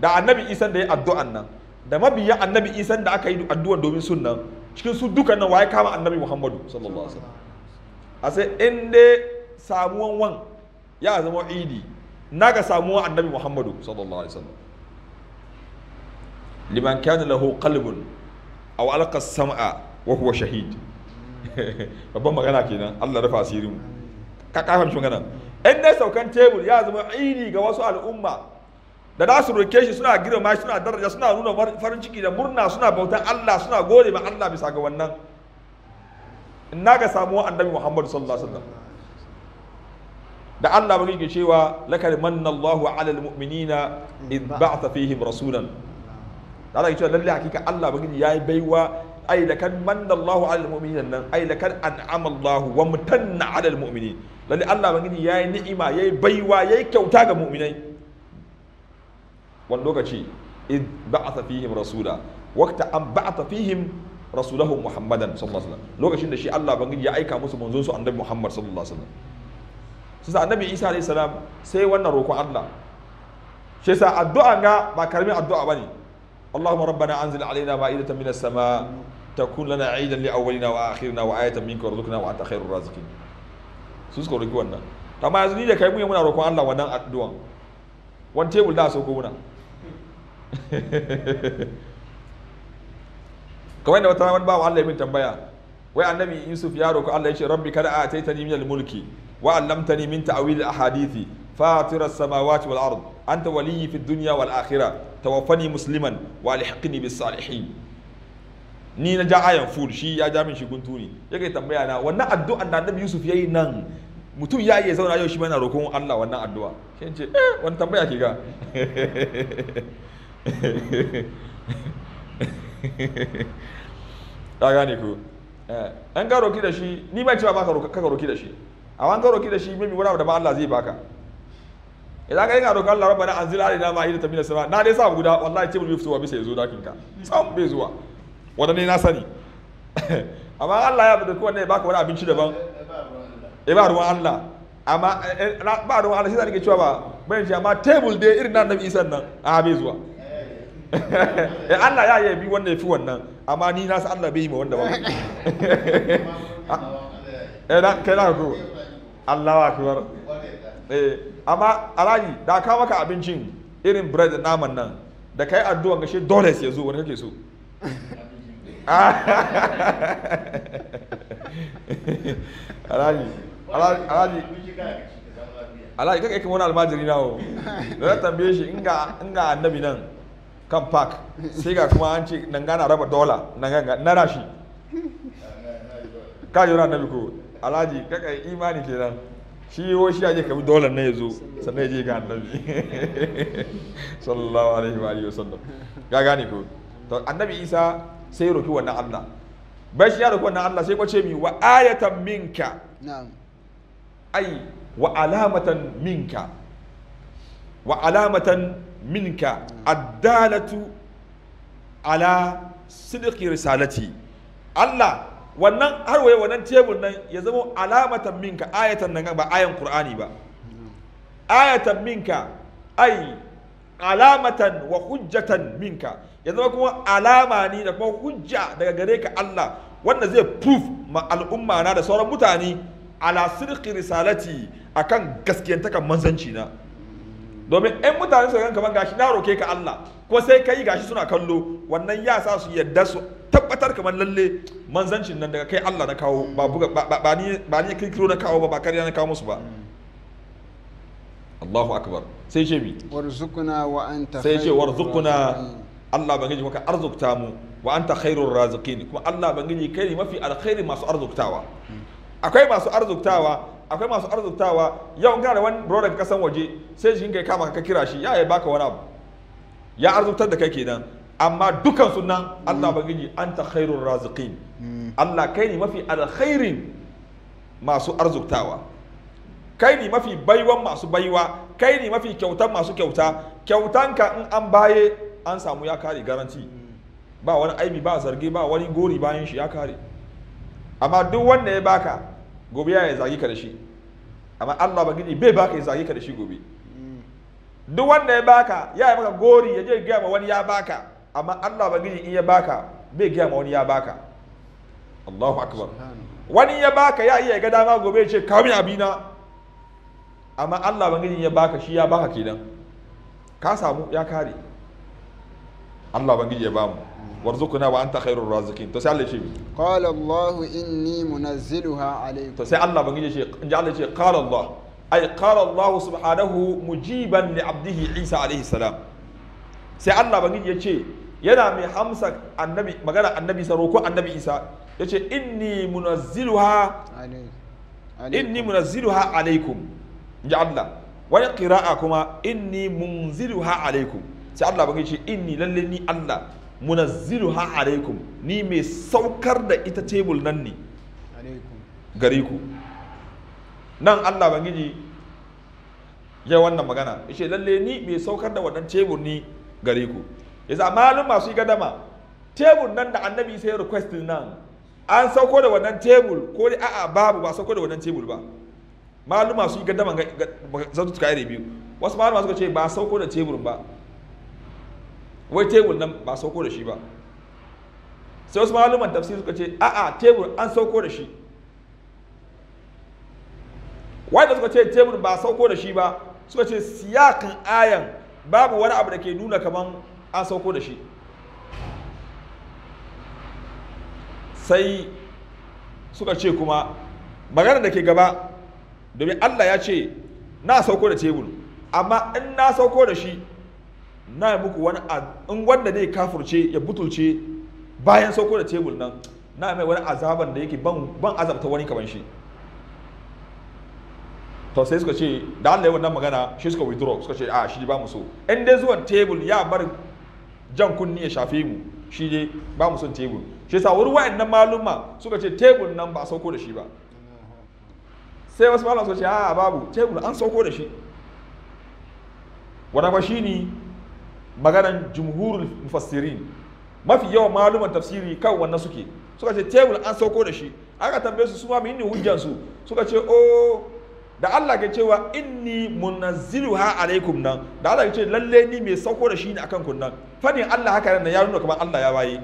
da annabi isan da ya addu'an nan da mabiya annabi isan da aka yi addu'a domin sunna cikin su dukan nan waye kama annabi muhammadu sallallahu alaihi wasallam a sai in dai samuwan wan ya zama idi na ga samuwan annabi muhammadu sallallahu alaihi wasallam liman kana lahu qalbun aw alqa sam'a wa huwa shahid (laughs) babban magana kenan Allah rufa asirin mu ka kafa magana in dai saukan tebur ya zama idi ga wasu al'umma da za su roke shi suna girma suna daraja suna nuna farin ciki da murna suna bautan Allah suna gode ma Allah bisa ga wannan na ga samuwa annabi Muhammadu sallallahu alaihi da Allah ba ke cewa lakad manna Allahu ala almu'minina id ba'atha fihim rasulan da Allah yake cewa lalle hakika Allah ba yayi baiwa ai da kan manna Allahu ala almu'minina nan ai da kan an'ama Allahu wa mutanna ala almu'minin lalle Allah ba yayi ni'ima yayi baiwa yayi kyauta ga mu'minai wani lokaci id ba'atha fihim rasula waqta an ba'atha fihim muhammadan sallallahu alaihi wasallam lokacin da shi Allah ya aika musu manzon su annabi muhammad sallallahu alaihi wasallam sai annabi isa alaihi salam sai wannan roƙon Allah shi yasa addu'a ga ba karamin addu'a bane Allahumma rabbana anzil alaina ma'idatan minas sama takun lana aidan li awwalina wa akhirina wa ayatan minka warzuqna wa anta khairur raziqin su suka roki wannan amma yanzu ni da kai mu muna roƙon Allah wannan addu'an wani tebul da so ko muna kamar da wata wani bawa Allah ya min tambaya wai annabi Yusuf ya roƙi Allah ya ce rabbi kada a taitani min mulki wa allamtani min ta'wil ahadithi فاطر السماوات والأرض أنت ولي في الدنيا والآخرة توفني مسلما والحقني بالصالحين ni na ja ayan fur shi ya ja min shigun tuni yake tambaya na wannan addu'an da Annabi Yusuf yayi nan mutum ya yi zauna yau shi na roƙon Allah wannan addu'a sai ce eh wannan tambaya ke ga (laughs) ta (laughs) gane ku an eh, ka roki da shi ni ban cewa ba ka roki da shi amma an ka roki da shi maybe wani abu da ba Allah zai baka idan ka yi roƙon Allah rabbana anzil alaina ma'ida ta minas sama na dai sa guda wallahi ce bai fitowa bisa yazo dakin ka sam bai zuwa wanda na sani (laughs) amma Allah ya bada kowanne ya baka wani abinci daban ya eh, ba ruwan Allah amma eh, ba ruwan Allah shi zan ke cewa ba bayan shi amma tebul dai irin na Annabi Isa nan a bai zuwa ya eh, Allah ya yabi wanda ya fi wannan amma ni na san Allah bai yi ma wanda ba (laughs) eh da kai na ko wa akbar eh amma alaji da ka maka abincin irin bread da naman nan da kai addu'a ga shi dollars ya zo wani kake so (laughs) alaji alaji alaji kake kuma wani almajiri na o da tambaye shi inga inga annabi nan kan park sai ga kuma an ce nan gana raba dola nan gana na rashi ka yi na biko alhaji kaka imani kenan shi yo shi aje kabi dolar na zo sannan ya je ga annabi (laughs) sallallahu alaihi wa alihi wasallam ga gane ko to annabi isa sai roki wannan Allah bai shi ya roki wannan Allah sai kwace mi wa ayatan minka na'am ai wa alamatan minka wa alamatan minka addalatu ala sidiki risalati Allah wannan har wannan tebur nan ya zama alamatan minka ayatan nan ba ayan qur'ani ba ayatan minka ai alamatan wa hujjatan minka ya zama kuma alama ne da kuma hujja daga gare ka Allah wanda zai proof ma al'umma na da sauran mutane ala sidiki risalati akan gaskiyantakan manzanci na domin ɗan mutane su ganka gashi na roke ka Allah ko sai kai gashi suna kallo wannan ya sa su yadda su tabbatar kamar lalle manzancin nan daga kai Allah na kawo ba buga ba ni ba ni kirkiro na kawo ba ba kariya na kawo musu ba Allahu akbar sai ce bi warzuqna wa anta sai ce warzuqna Allah bangiji maka arzukta mu wa anta khairur raziqin kuma Allah bangiji kai ne mafi alkhairi masu arzuktawa hmm. akwai masu arzuktawa akwai masu arzutawa yau gane wani ka kasan waje sai jikin kai kama ka kira shi ya ya baka wani abu ya arzutar da kai kenan amma dukan sunan Allah an ta khairun razikin Allah kai ne mafi alkhairin masu arzuktawa kai ne mafi baiwan masu baiwa kai ne mafi kyautan masu kyauta Kyautan ka in an baye an samu ya kare garanti ba wani aibi ba zargi ba wani gori bayan shi ya kare amma duk wanda ya baka gobe ya zagi ka da shi amma Allah bagiji bai baka ya zagi ka da shi gobe duk wanda ya baka ya yi maka gori ya je gaya ma wani ya baka amma Allah bagiji in ya baka bai gaya ma wani ya baka Allahu akbar wani ya baka ya iya ga dama gobe ya ce kawo min abina amma Allah bagiji ya baka shi ya baka kenan ka samu ya kare Allah bagiji ya bamu warzuqna wa anta khairur raziqin to sai Allah ya ce qala Allah inni munazziluha alaykum to sai Allah ban ce inji Allah ya ce qala Allah ay qala Allah subhanahu mujiban li abdihi Isa alayhi salam sai Allah ban ya yana mai hamsa annabi magana annabi saro ko annabi Isa yace inni munazziluha inni munazziluha alaykum inji Allah wani qira'a kuma inni munziluha alaykum sai Allah ban ce inni lalle ni Allah ha alaikum ni mai saukar da ita tebul nan ne gare ku nan Allah bangiji ya wannan magana ishe lalle ni mai saukar da wannan tebur ni gare ku yasa malum masu yi gadama tebur nan da annabi sai request nan an sauko da wannan tebur ko dai a'a babu ba sauko da wannan tebur ba malum masu yi gadama ga tuka iri biyu wasu malum masu ce ba sauko da tebul ba wai tebur nan ba sauko da shi ba sai wasu malaman tafsir suka ce a'a tebur an sauko da shi wai da suka ce tebur ba sauko da shi ba suka ce siyakan ayan babu wani abu da ke nuna kaman an sauko da shi sai suka ce kuma magana da ke gaba domin Allah ya ce na sauko da tebur amma in na sauko da shi na yi muku wani in wanda zai kafurce ya butulce bayan sauko da tebul nan na mai wani azaban da yake ban azabta wani kaman shi to sai suka ce da Allah yawan nan magana shi suka withdraw suka ce a shi ba mu so in dai zuwan tebul ya bar jan kunni ya shafe mu shi dai ba mu son tebul shi wuri wa'in nan maluma suka ce tebul nan ba sauko da shi ba sai wasu malama suka ce a babu tebul an sauko da shi wani ba shi ne maganan jumhurul mufassirin mafi yawan maluman tafsiri kan wannan suke suka ce tebul an sauko da shi aka tambaye su su ma menene hujjan su suka ce o oh, da Allah ke cewa inni ha alaikum nan da Allah ke ce lalle ni mai sauko da shi ne akan kun nan fadin Allah haka nan ya nuna kamar Allah ya waye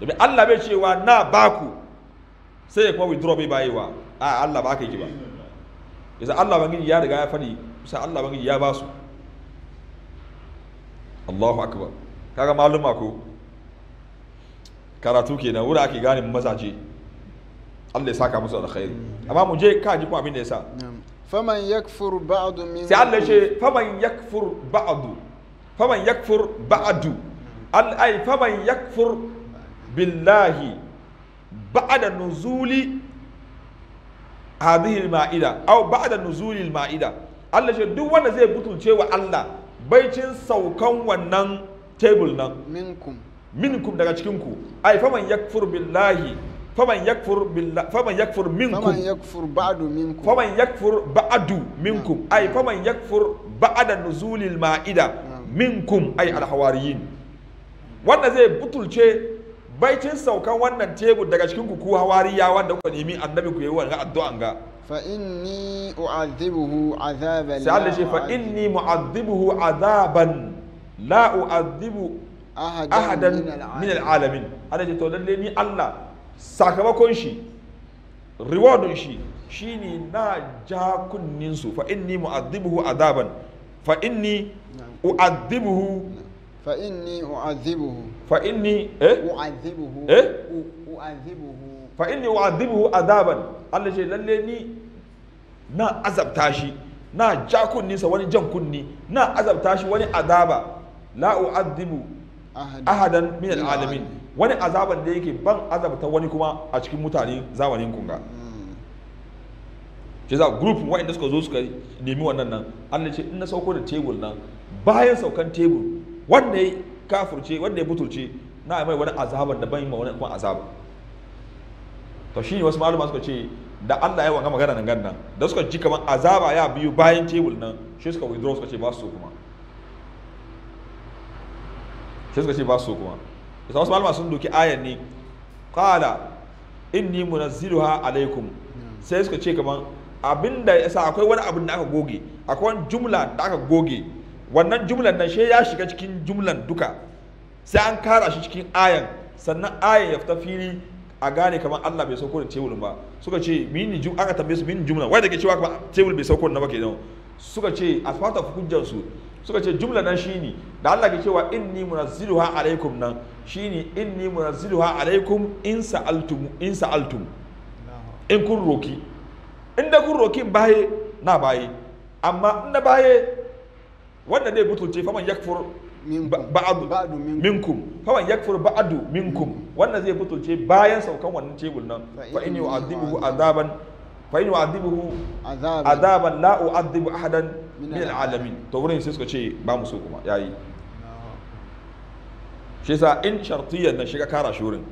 domin Allah bai cewa na baku sai ya kuma withdraw bai bayewa a Allah ba ka yi ba yasa Allah bangiji ya riga ya fadi sai Allah bangiji ya ba su Allahu akbar kaga maluma ko karatu kenan wuri ake gane mazaje Allah ya saka musu alkhairi amma mu je ka ji kuma abin da ya sa faman yakfur ba'du min sai Allah ce faman yakfur ba'du faman yakfur ba'du al ay faman yakfur billahi ba'da nuzuli hadhihi al-ma'ida aw ba'da nuzuli al-ma'ida Allah ce duk wanda zai butulce wa Allah baicin saukan wannan tebul nan minkum minkum daga cikin ku ai faman yakfur billahi faman yakfur billahi faman yakfur minkum faman yakfur ba'du minkum faman yakfur ba'du minkum ai faman yakfur ba'da nuzulil ma'ida minkum ai alhawariyin wanda zai butulce baicin saukan wannan tebul daga cikin ku ku hawariya wanda ku nemi annabi ku yi wannan addu'an ga فإني أعذبه عذابا سأل شيء فإني معذبه عذابا لا أعذب أحدا, أحدا من العالمين هذا جي تولد لي الله ساكبكون شيء rewardin shi shine na ja kunninsu fa inni mu'adhibuhu adaban fa inni u'adhibuhu fa inni u'adhibuhu fa inni eh u'adhibuhu eh u'adhibuhu fa inni u'adhibuhu adaban Allah ce lalle ni na azabta shi na ja kunninsa wani jan kunni na azabta shi wani azaba la ahadan min alamin wani azaban da yake ban azabta wani kuma a cikin mutane zamanin kunga ce za group suka zo suka nemi wannan nan Allah ce in na sauko da tebul nan bayan saukan tebul wanda ya kafurce wanda ya butulce na mai wani azaban da ban yi ma wani kuma azaba to ne wasu malama suka ce da Allah ya wanga magana nan gannan da suka ji kamar azaba ya biyu bayan tebul nan shi suka withdraw suka ce ba su kuma shi suka ce ba su kuma isa wasu malama sun doki ayan ne qala inni munazziluha alaikum sai suka ce kamar abinda yasa akwai wani abin da aka goge akwai wani jumla da aka goge wannan jumlan nan shi ya shiga cikin jumlan duka sai an kara shi cikin ayan sannan ayan ya fita fili a gane kamar Allah bai sauko da tebul ba suka ce mini jum aka tambaye su mini jumla wai da ke cewa kuma tebul bai sauko da ba kenan suka ce a fata hujjar su suka ce jumla nan shine da Allah ke cewa inni munazziluha alaikum nan shine inni munazziluha alaikum in sa'altum in sa'altum in kun roki in da kun roki baye na baye amma in baye wanda dai butulce faman yakfur ba'adu minkum fawan yakfur ba'adu minkum mm. wannan zai fitulce bayan saukan wannan cebul nan fa in yu'adhibuhu azaban fa in yu'adhibuhu azaban la u'adhibu ahadan min alamin to wurin sai suka ce ba mu so kuma yayi shi sa in shartiyar nan shiga kara shi wurin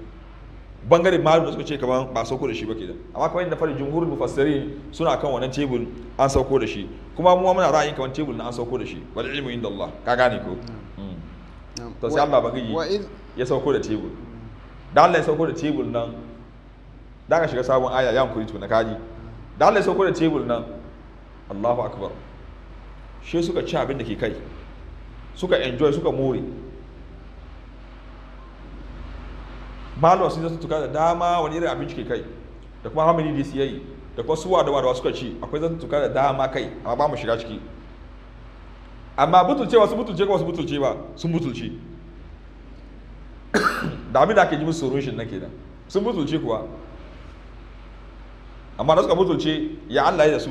bangare malum da suka ce kaman ba sauko da shi ba kenan amma kamar yadda fari jumhurin mufassirin suna kan wannan tebul an sauko da shi kuma mu muna ra'ayin kaman tebul na an sauko da shi wal ilmu inda Allah ka gane ko mm. to sai Allah bangiji ya sauko da tebur da Allah ya sauko da tebur nan da ka shiga sabon aya ya hankuri tuna kaji da Allah ya sauko da tebur nan Allahu akbar shi suka ci abin da ke kai suka enjoy suka more malo sun su tuka da dama wani irin abinci ke kai da kuma how many days yayi da kuma suwa da wadawa suka ci akwai zata tuka da dama kai amma ba mu shiga ciki amma butulcewa su butulce kuma su butulce ba sun butulce (coughs) da abin da ake ji musu tsoron shi na kenan sun butulce kuwa amma da suka butulce ya Allah ya da su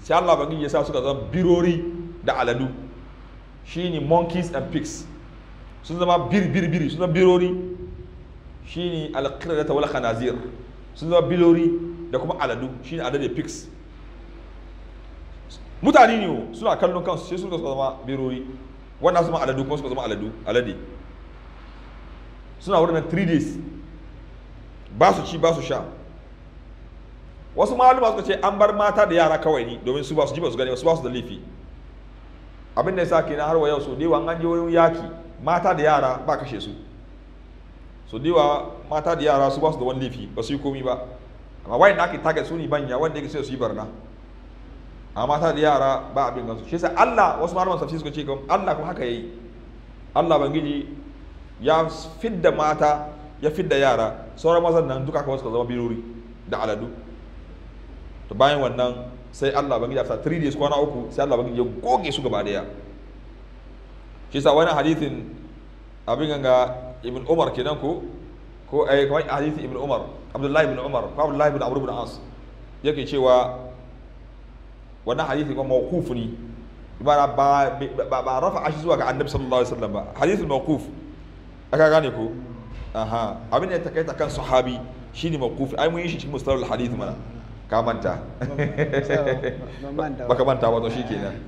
sai Allah bangin ya sa suka zama birori da aladu shine monkeys and pigs sun zama biribiri bir biri sun zama birori shine alqiradata wal khanazir sun zama birori da kuma aladu shine aladu da pigs mutane ne suna kallon kansu sai suka zama berori wanda su ma aladu kuma suka zama aladu alade suna wurin nan 3 days ba su ci ba su sha wasu malama suka ce an bar mata da yara kawai ne domin su ba su ji ba su gani ba su ba su da laifi abin da ya sa kenan har wa yau so dewa an je wurin yaki mata da yara ba kashe su so dewa mata da yara su ba su da wani laifi ba su yi komi ba amma wayan da ake target su ne banya wanda yake sai su yi barna amma ta da yara ba abin gansu shi sai Allah wasu malaman tafsir suka ce kuma Allah kuma haka yayi Allah bangiji ya fidda mata ya fidda yara sauran mazan nan duka kawai suka zama biruri da aladu to bayan wannan sai Allah bangiji after 3 days kwana uku sai Allah bangiji ya goge su gaba daya shi yasa wani hadithin abin ganga ibn Umar kenan ko ko ai eh, kawai hadithin ibn Umar Abdullahi ibn Umar ko Abdullahi ibn Amr ibn As yake cewa wannan hadisi kuma mawquf ne ba ba rafa shi zuwa ga annabi sallallahu alaihi wasallam ba hadithul mawquf aka gane ko aha abin da ya takaita kan sahabi shine mawquf ai mun yi shi cikin mustalahul hadithi mana ka manta ba ka manta ba to shikenan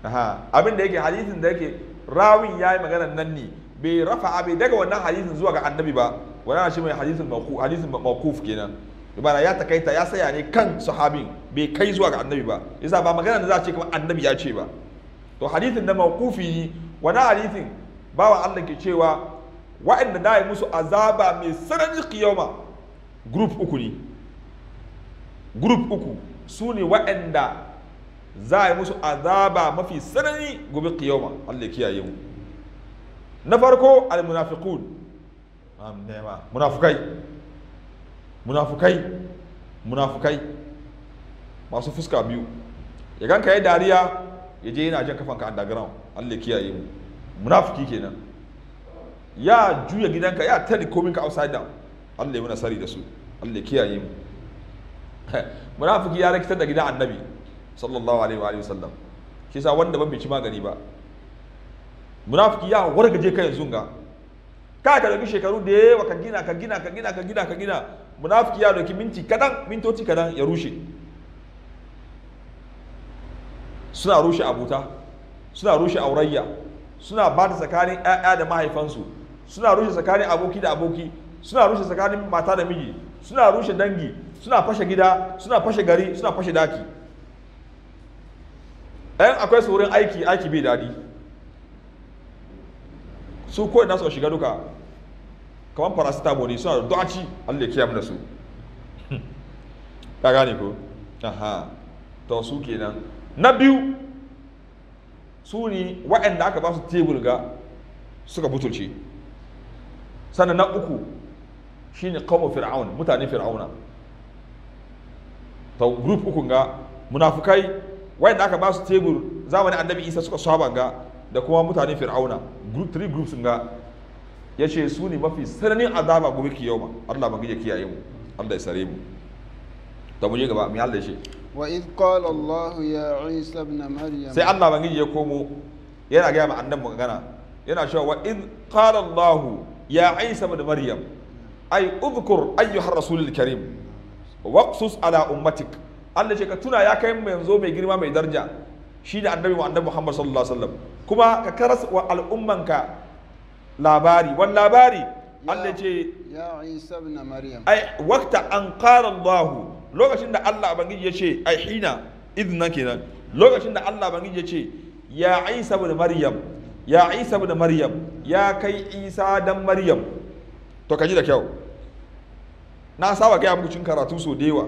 aha abin da yake hadithin da yake rawin yayi magana nan ne bai rafa bai daga wannan hadithin zuwa ga annabi ba wannan shi mai hadithul mawquf mawquf kenan ibara ya takaita ya saya ne kan sahabin bai kai zuwa ga annabi ba yasa ba magana da za a ce kamar annabi ya ce ba to hadithin da mawqufi ne wani hadithin bawa Allah ke cewa wa'anda da yi musu azaba mai sanani kiyama group uku ne group uku su ne wa'anda za a yi musu azaba mafi sanani gobe kiyama Allah kiyaye mu na farko almunafiqun munafukai munafukai munafukai masu fuska biyu ya ganka ya dariya ya je yana jan kafanka underground Allah kiyaye mu munafiki kenan ya juya gidanka ya tare komin ka outside down Allah ya muna sari da su Allah kiyaye mu (laughs) munafiki ya rakitar da gidan annabi sallallahu alaihi wa sallam shi sa wanda ban ci magani ba munafiki ya wargaje kai zunga ga ka ka dauki shekaru da yawa ka gina ka gina ka gina ka gina ka gina munafiki ya dauki minti kadan mintoci kadan ya rushe suna rushe abuta suna rushe aurayya suna ba da tsakanin 'ya'ya da mahaifansu suna rushe tsakanin aboki da aboki suna rushe tsakanin mata da miji suna rushe dangi suna fashe gida suna fashe gari suna fashe daki ɗayan akwai saurin aiki aiki bai daɗi su kawai nasu shiga duka kamar paracetamol ne suna da duwaci allah kiyam da su (laughs) ka gane ko aha to su kenan na biyu su ne wa'anda aka ba su tebur ga suka butulce sannan na uku shi ne kawo fir'aun mutane fir'auna ta group uku ga munafukai wa'anda aka ba su tebur zamanin annabi isa suka saba ga da kuma mutane fir'auna group three groups ga ya ce su ne mafi sananin azaba gobe kiyama Allah ban gije kiyaye mu Allah ya sare mu ta muje gaba mai Allah ya ce wa idh qala ya Isa ibn Maryam sai Allah bangiji ya komo yana gaya ma annabi magana yana cewa wa idh qala ya Isa ibn Maryam ay udhkur ayyuha ar karim ala ummatik Allah ce ka tuna ya kai mu yanzu mai girma mai daraja shi da annabi wa annabi Muhammad sallallahu alaihi wasallam kuma ka karas wa al'ummanka labari wani labari Allah ce ya Isa ibn Maryam ai waqta an qala lokacin da Allah bangiji ya ce ai hina idnan kenan lokacin da Allah bangiji ya ce ya Isa ibn Maryam ya Isa ibn Maryam ya kai Isa dan Maryam to kaji da kyau na saba ga muku cin karatu so dewa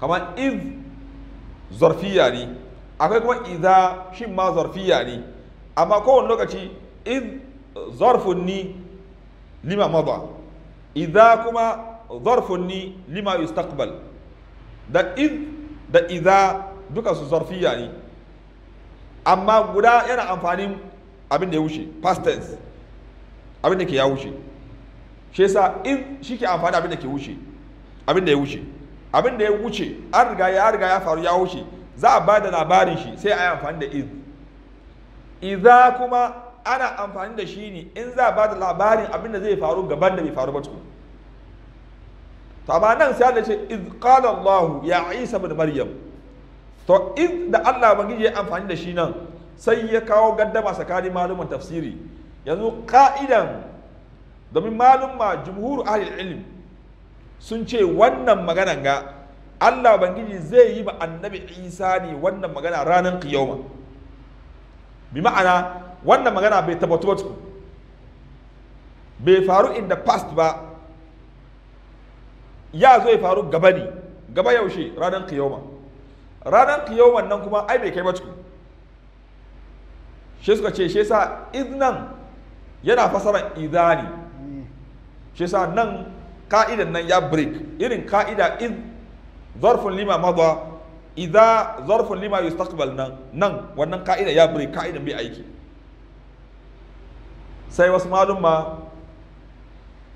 kamar iz zarfiya ne akwai kuma idza shin ma zarfiya ne amma kowane lokaci iz zarfun ni lima mada idza kuma zarfun ni lima yustaqbal da iz da iza duka su zarfiya ne amma guda yana amfanin abin da ya wuce past tense abin da ke ya wuce shi yasa in shi ke amfani abin da ke wuce abin da ya wuce abin da ya wuce an riga ya riga ya faru ya wuce za a bada labarin shi sai a yi amfani da iz iza kuma ana amfani da shi ne in za a bada labarin abin da zai faru gaban da bai faru ba tukun to amma nan sai Allah ce iz qala Allah ya Isa ibn Maryam to iz da Allah bangiji ya amfani da shi nan sai ya kawo gaddama tsakanin malumin tafsiri yanzu ka'idan domin malumma jumhur ahlul ilm sun ce wannan maganan ga Allah bangiji zai yi ba annabi Isa ne wannan magana ranar kiyama bi ma'ana wannan magana bai tabbatu ba bai faru in the past ba ya zo ya faru gaba ne gaba yaushe ranar kiyoma ranar kiyoma nan kuma ai bai kai ba cikin shi suka ce shi sa iznan yana fasaran izani. shi sa nan ka'idan nan ya break irin ka'ida in zarfin lima madwa iza zarfin lima yustaqbal nan nan wannan ka'ida ya break ka'idan bai aiki sai wasu malum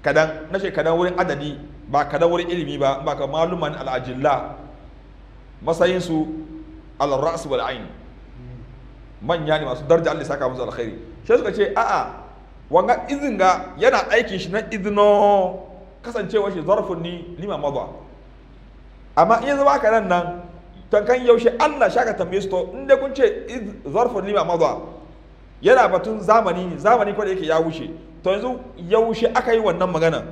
kadan na wurin adadi ba ka wuri ilimi ba ba ka maluman al'ajilla matsayinsu al'arras wal ain manya ne masu darja Allah saka musu alkhairi sai suka ce a'a wanga izin ga yana aikin shi na izino kasancewa shi zarfin ni lima madwa amma in zama ka nan nan tankan yaushe Allah shaka tambaye su to in dai kun ce zarfin lima madwa yana batun zamani zamani ko da yake ya wuce to yanzu yaushe aka yi wannan magana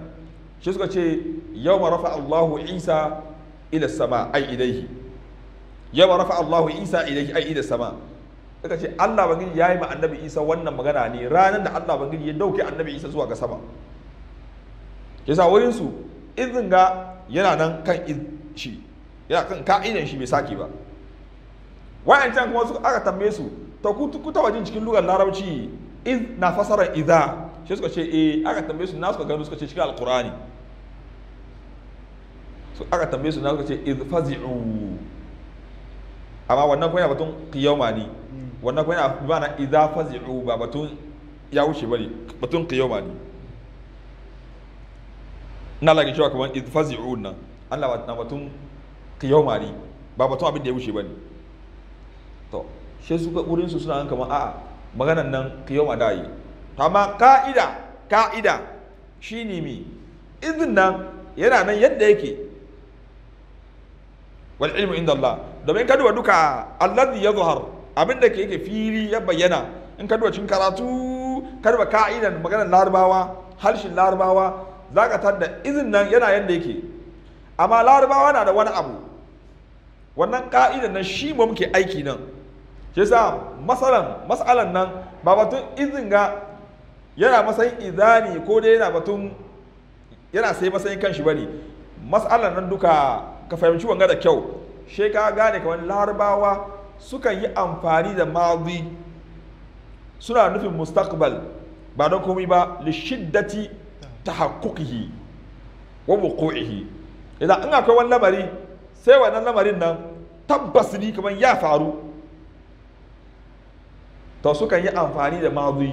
shi suka ce yau rafa Allahu Isa ila sama ai ilaihi yau rafa Allahu Isa ilaihi ai ila sama suka ce Allah bangiji ya yi ma annabi Isa wannan magana ne ranar da Allah bangiji ya dauke annabi Isa zuwa ga sama yasa wurin su izin ga yana nan kan shi yana kan ka'idan shi bai saki ba can kuma suka aka tambaye su ta ku ta wajen cikin lugar larabci iz na fasara idza shi suka ce eh aka tambaye su na suka gano suka ce shi alqur'ani su aka tambaye su na suka ce iz fazi'u amma wannan kuma yana batun qiyama ne hmm. wannan kuma yana bana idza fazi'u ba batun ya wuce bane batun qiyama ne na lagin cewa kamar iz fazi'u nan Allah na batun qiyama ne ba batun abin da ya wuce bane to shi suka wurin su suna kamar a'a maganan nan qiyama da yi amma ka'ida ka'ida shine mi izin nan yana nan yadda yake wal ilmu inda Allah domin ka duba duka allazi yazhar abin da ke yake fili ya bayyana in ka duba cikin karatu ka duba ka'idan maganar larabawa harshen larabawa ka tanda izin nan yana yadda yake amma larabawa na da wani abu wannan ka'idan nan shi mu muke aiki nan shi yasa masalan masalan nan ba batun izin ga yana matsayin izani ko dai yana batun yana sai matsayin kanshi bane mas'alar nan duka ka fahimci wanga da kyau shai ka gane kamar larabawa suka yi amfani da madi suna nufin mustaqbal ba don komai ba li shiddati tahaqquqihi wa wuqu'ihi idan an akwai wani lamari sai wannan lamarin nan tabbas ni kamar ya faru to sukan yi amfani da madi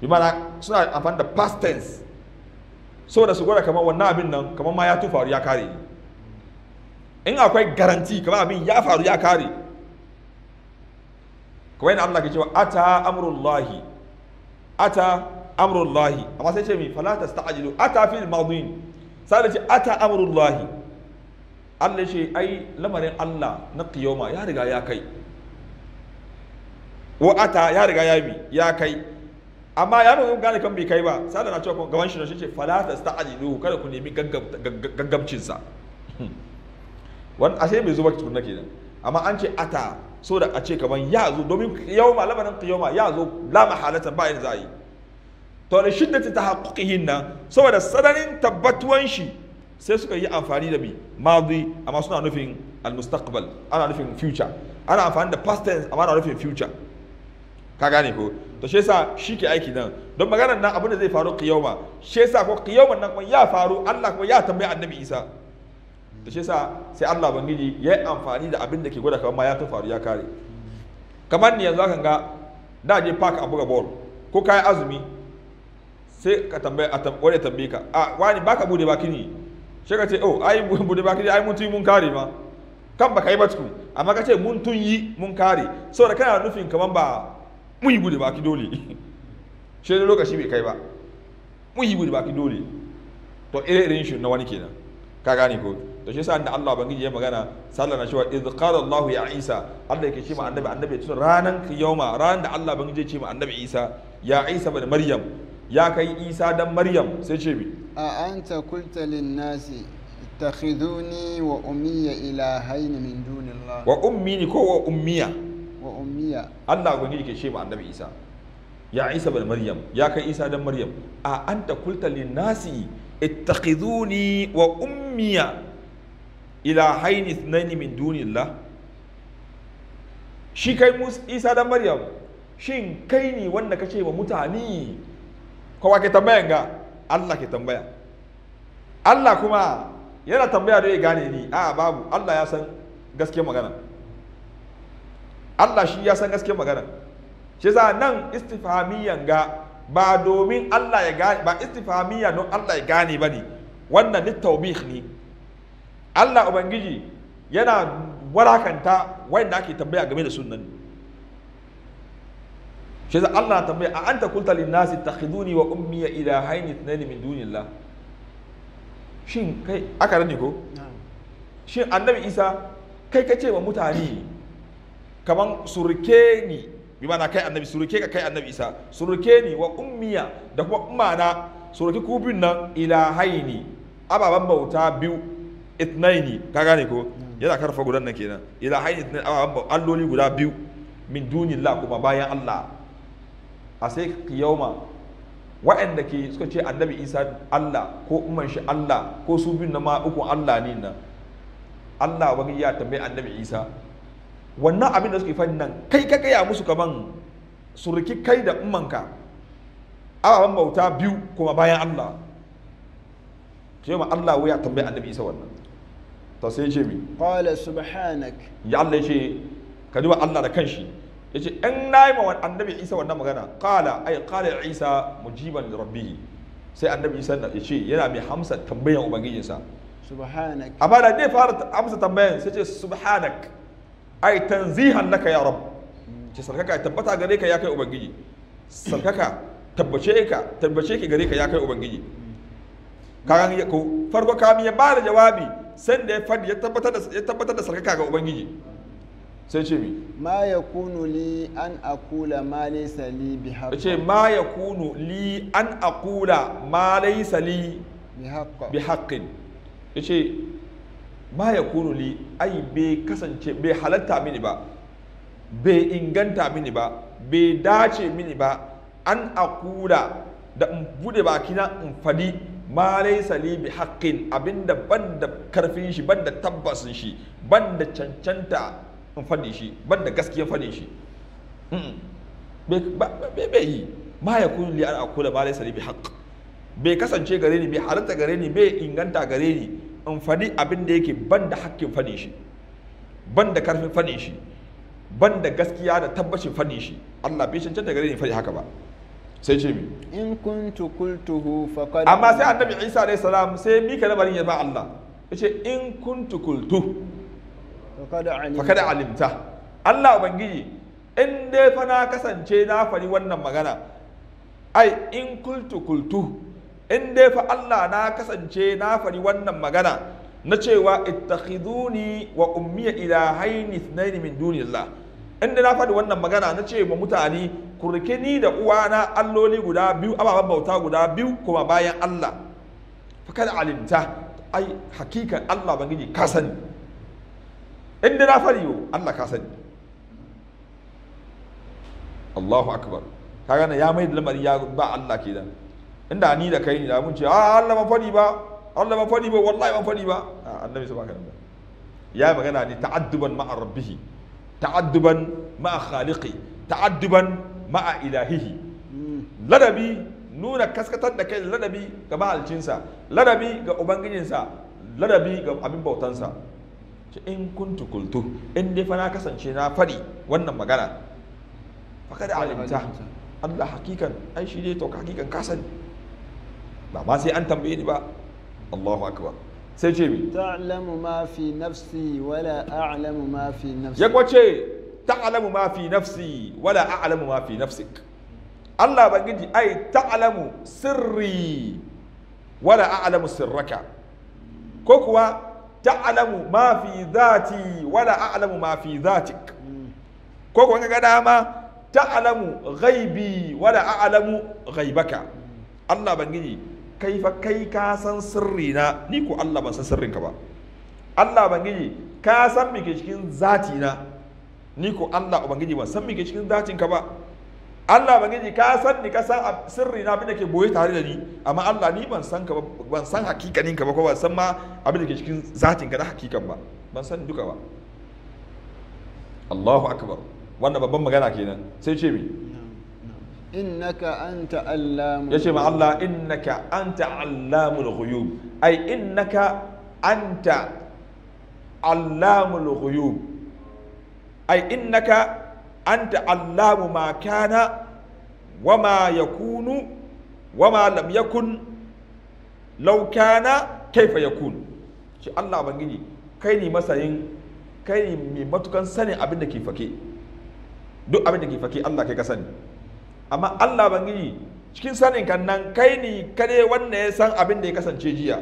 bi mana suna amfani da past tense so da su gwada kamar wannan abin nan kamar ma ya tu faru ya kare in akwai garanti kamar abin ya faru ya kare kamar yana Allah ke cewa ata amrullahi ata amrullahi amma sai ce mi fala tasta'jilu ata fil madin sai da ce ata amrullahi Allah ce ai lamarin Allah na qiyama ya riga ya kai wa ata ya riga ya bi ya kai amma ya in gane kan bai kai ba sai da na cewa gaban shi shi ce fala tasta'jilu kada ku nemi gaggabcin sa hmm. wan ashe bai zuba ki tukunna kenan amma an ce ata so da a ce kaman ya zo domin yawma yau qiyama ya zo la mahalatan ba yin zai to da shiddati tahaqquqihin nan saboda sadarin tabbatuwan shi sai suka yi amfani da bi madi amma suna nufin almustaqbal ana nufin future ana amfani da past tense amma ana nufin future ka gane ko to shi yasa shi ke aiki nan don maganar nan abin da zai faru kiyoma shi yasa ko kiyaman nan kuma ya faru Allah kuma ya tambayi annabi Isa to shi yasa sai Allah bangiji ya yi amfani da abin da ke gwada kamar ma ya ta faru ya kare kamar ni yanzu hakan ga da je park a buga ball ko kai azumi sai ka tambaye a wani tambaye ka a wani baka bude baki ne shi ka ce oh ai bude baki ne ai mun tuyi mun kare ma kan baka yi ba tukun amma ka ce mun tun yi mun kare saboda kana nufin kamar ba mun yi gudu baki dole shi da lokaci bai kai ba mun yi gudu baki dole to ire irin shi na wani kenan ka gane ko to shi yasa da Allah bangiji ya magana sallah na cewa iz qala Allah ya Isa Allah yake ce ma annabi annabi ya ce ranan kiyama ranan da Allah bangiji ya ce ma annabi Isa ya Isa bin Maryam ya kai Isa dan Maryam sai ce bi a anta qulta lin nasi ittakhiduni wa ummiya ilahayn min dunillah wa ummi ko wa ummiya wa ummiya Allah ubangiji ke ce ma annabi Isa ya Isa bin Maryam ya kai Isa dan Maryam a anta kulta lin nasi ittakhiduni wa ummiya ila haini thnaini min dunillah shi kai Isa dan Maryam shin kai ne wanda ka ce wa mutane kowa ke tambayan ga Allah ke tambaya Allah kuma yana tambaya da ya gane ni a babu Allah ya san gaske magana Allah shi ya san gaske magana shi za nan istifamiyan ga ba domin Allah ya gane ba istifhamiya don Allah ya gane ba ne wannan littaubih ne Allah ubangiji yana warakanta wanda ake tambaya game da sunan shi za Allah tambaya a anta kulta lin nasi takhiduni wa ummiya ila haini tnani min dunillah shin kai aka rani ko shin annabi Isa kai ka ce wa mutane kaman surke ni bi mana kai annabi surke ka kai annabi isa surke ni wa ummiya da kuma ummana surke ku biyun nan ilahaini ababan bauta biyu itnaini ka gane ko yana karfa gudan nan kenan ilahaini itnaini ababan bauta alloli guda biyu min dunillah kuma bayan Allah a sai kiyauma wa'anda ke suka ce annabi isa allah ko umman shi allah ko su bin na ma allah ne nan allah wani ya tambayi annabi isa wannan abin da suke faɗi nan kai ka gaya musu kaman su riki kai da ummanka ababen bauta biyu kuma bayan Allah shi ma Allah ya tambayi annabi Isa wannan Ta sai ce mi qala subhanak ya Allah yace ka duba Allah da kanshi yace in nayi ma annabi Isa wannan magana qala ay qala Isa mujiban li rabbih sai annabi Isa ya ce yana mai hamsa tambayan ubangijinsa subhanak amma da dai fara amsa tambayan sai ce subhanak ai tanzihan naka ya rabu. ce sarkaka tabbata gare ka ya kai ubangiji sarkaka tabbace ka tabbace ki gare ka ya kai ubangiji kan ya ko farko kamin ya bada jawabi san da ya fadi ya tabbatar da ya tabbatar da sarkaka ga ubangiji sai ce mi ma yakunu li an aqula ma laysa li bi ce ma yakunu li an aqula ma laysa li bi haqqin ce. ma ya kunu li ai bai kasance bai halatta mini ba bai inganta mini ba bai dace mini ba an akuda da in bude bakina in fadi ma laisa li bi haqqin abinda ban da karfin shi ban da tabbasin shi ban da cancanta in fadi shi ban da gaskiyar fadin shi bai yi ma ya kunu li an akuda ma laisa li bi haqq bai kasance gare ni bai halatta gare ni bai inganta gare ni in faɗi abin da yake ban da hakkin faɗin shi ban da karfin faɗin shi ban da gaskiya da tabbacin faɗin shi Allah bai canta gare ni faɗi haka ba sai ce mi in kuntu qultuhu faqad amma sai annabi Isa alaihi salam sai mika labarin ya ba Allah yace in kuntu qultu faqad alimta Allah ubangiji in dai fa na kasance na faɗi wannan magana ai in kultu kultu in dai fa Allah na kasance na fari wannan magana na cewa ittakhiduni wa ummiya ilahaini ithnaini min dunillah inda na faɗi wannan magana na ce ma mutane ku rike ni da uwana alloli guda biyu ababen bauta guda biyu kuma bayan Allah Fa fakad alimta ai hakikan Allah bangiji ka sani inda na faɗi yo Allah ka sani Allahu akbar kaga ya mai da lamari ya ba Allah kenan inda ni da kai ne da mun ce a ah, Allah ba fadi ba Allah ba fadi ba wallahi ba fadi ah, ba annabi sai baka nan ya magana ne ta'adduban ma'a rabbihi ta'adduban ma'a khaliqi ta'adduban ma'a ilahihi ladabi nuna kaskatar da kai ladabi ga mahalcinsa ladabi ga ubangijinsa ladabi ga abin bautansa ce in kuntu kultu in dai fa na kasance na fadi wannan magana fa kada alimta Allah hakikan ai shi dai to hakikan kasani. ba ma sai an tambaye ni ba Allahu akbar sai ce mi ta'lamu ma fi nafsi wala a'lamu ma fi nafsi ya kwace ta'lamu ma fi nafsi wala a'lamu ma fi nafsik Allah bangiji ai ta'lamu sirri wala a'lamu sirraka ko kuwa ta'lamu ma fi dhati wala a'lamu ma fi dhatik ko kuwa ga dama ta'lamu ghaibi wala a'lamu ghaibaka Allah bangiji kai fa kai ka san sirri na ni ko Allah ban san sirrin ka ba Allah ubangiji ka san me ke cikin zati na ni ko Allah ubangiji ban san me ke cikin zatin ka ba Allah ubangiji ka san ni ka san sirri na abin da ke boye tare da ni amma Allah ni ban san ka ba ban san hakikanin ka ba ko ban san ma abin da ke cikin zatin ka na hakikan ba ban san duka ba Allahu akbar wannan babban magana kenan sai ce mi innaka anta allamu yace ma Allah innaka anta allamul ghuyub ai innaka anta allamul ghuyub ai innaka anta allamu ma kana wama yakunu wama lam yakun law kana kaifa yakun shi Allah bangiji kai ne masayin kai ne mai matukan sanin abin da ke fake duk abin da ke fake Allah kai ka sani amma Allah bangiji cikin sanin kan nan kai ne kare wanda ya san abin da ya kasance jiya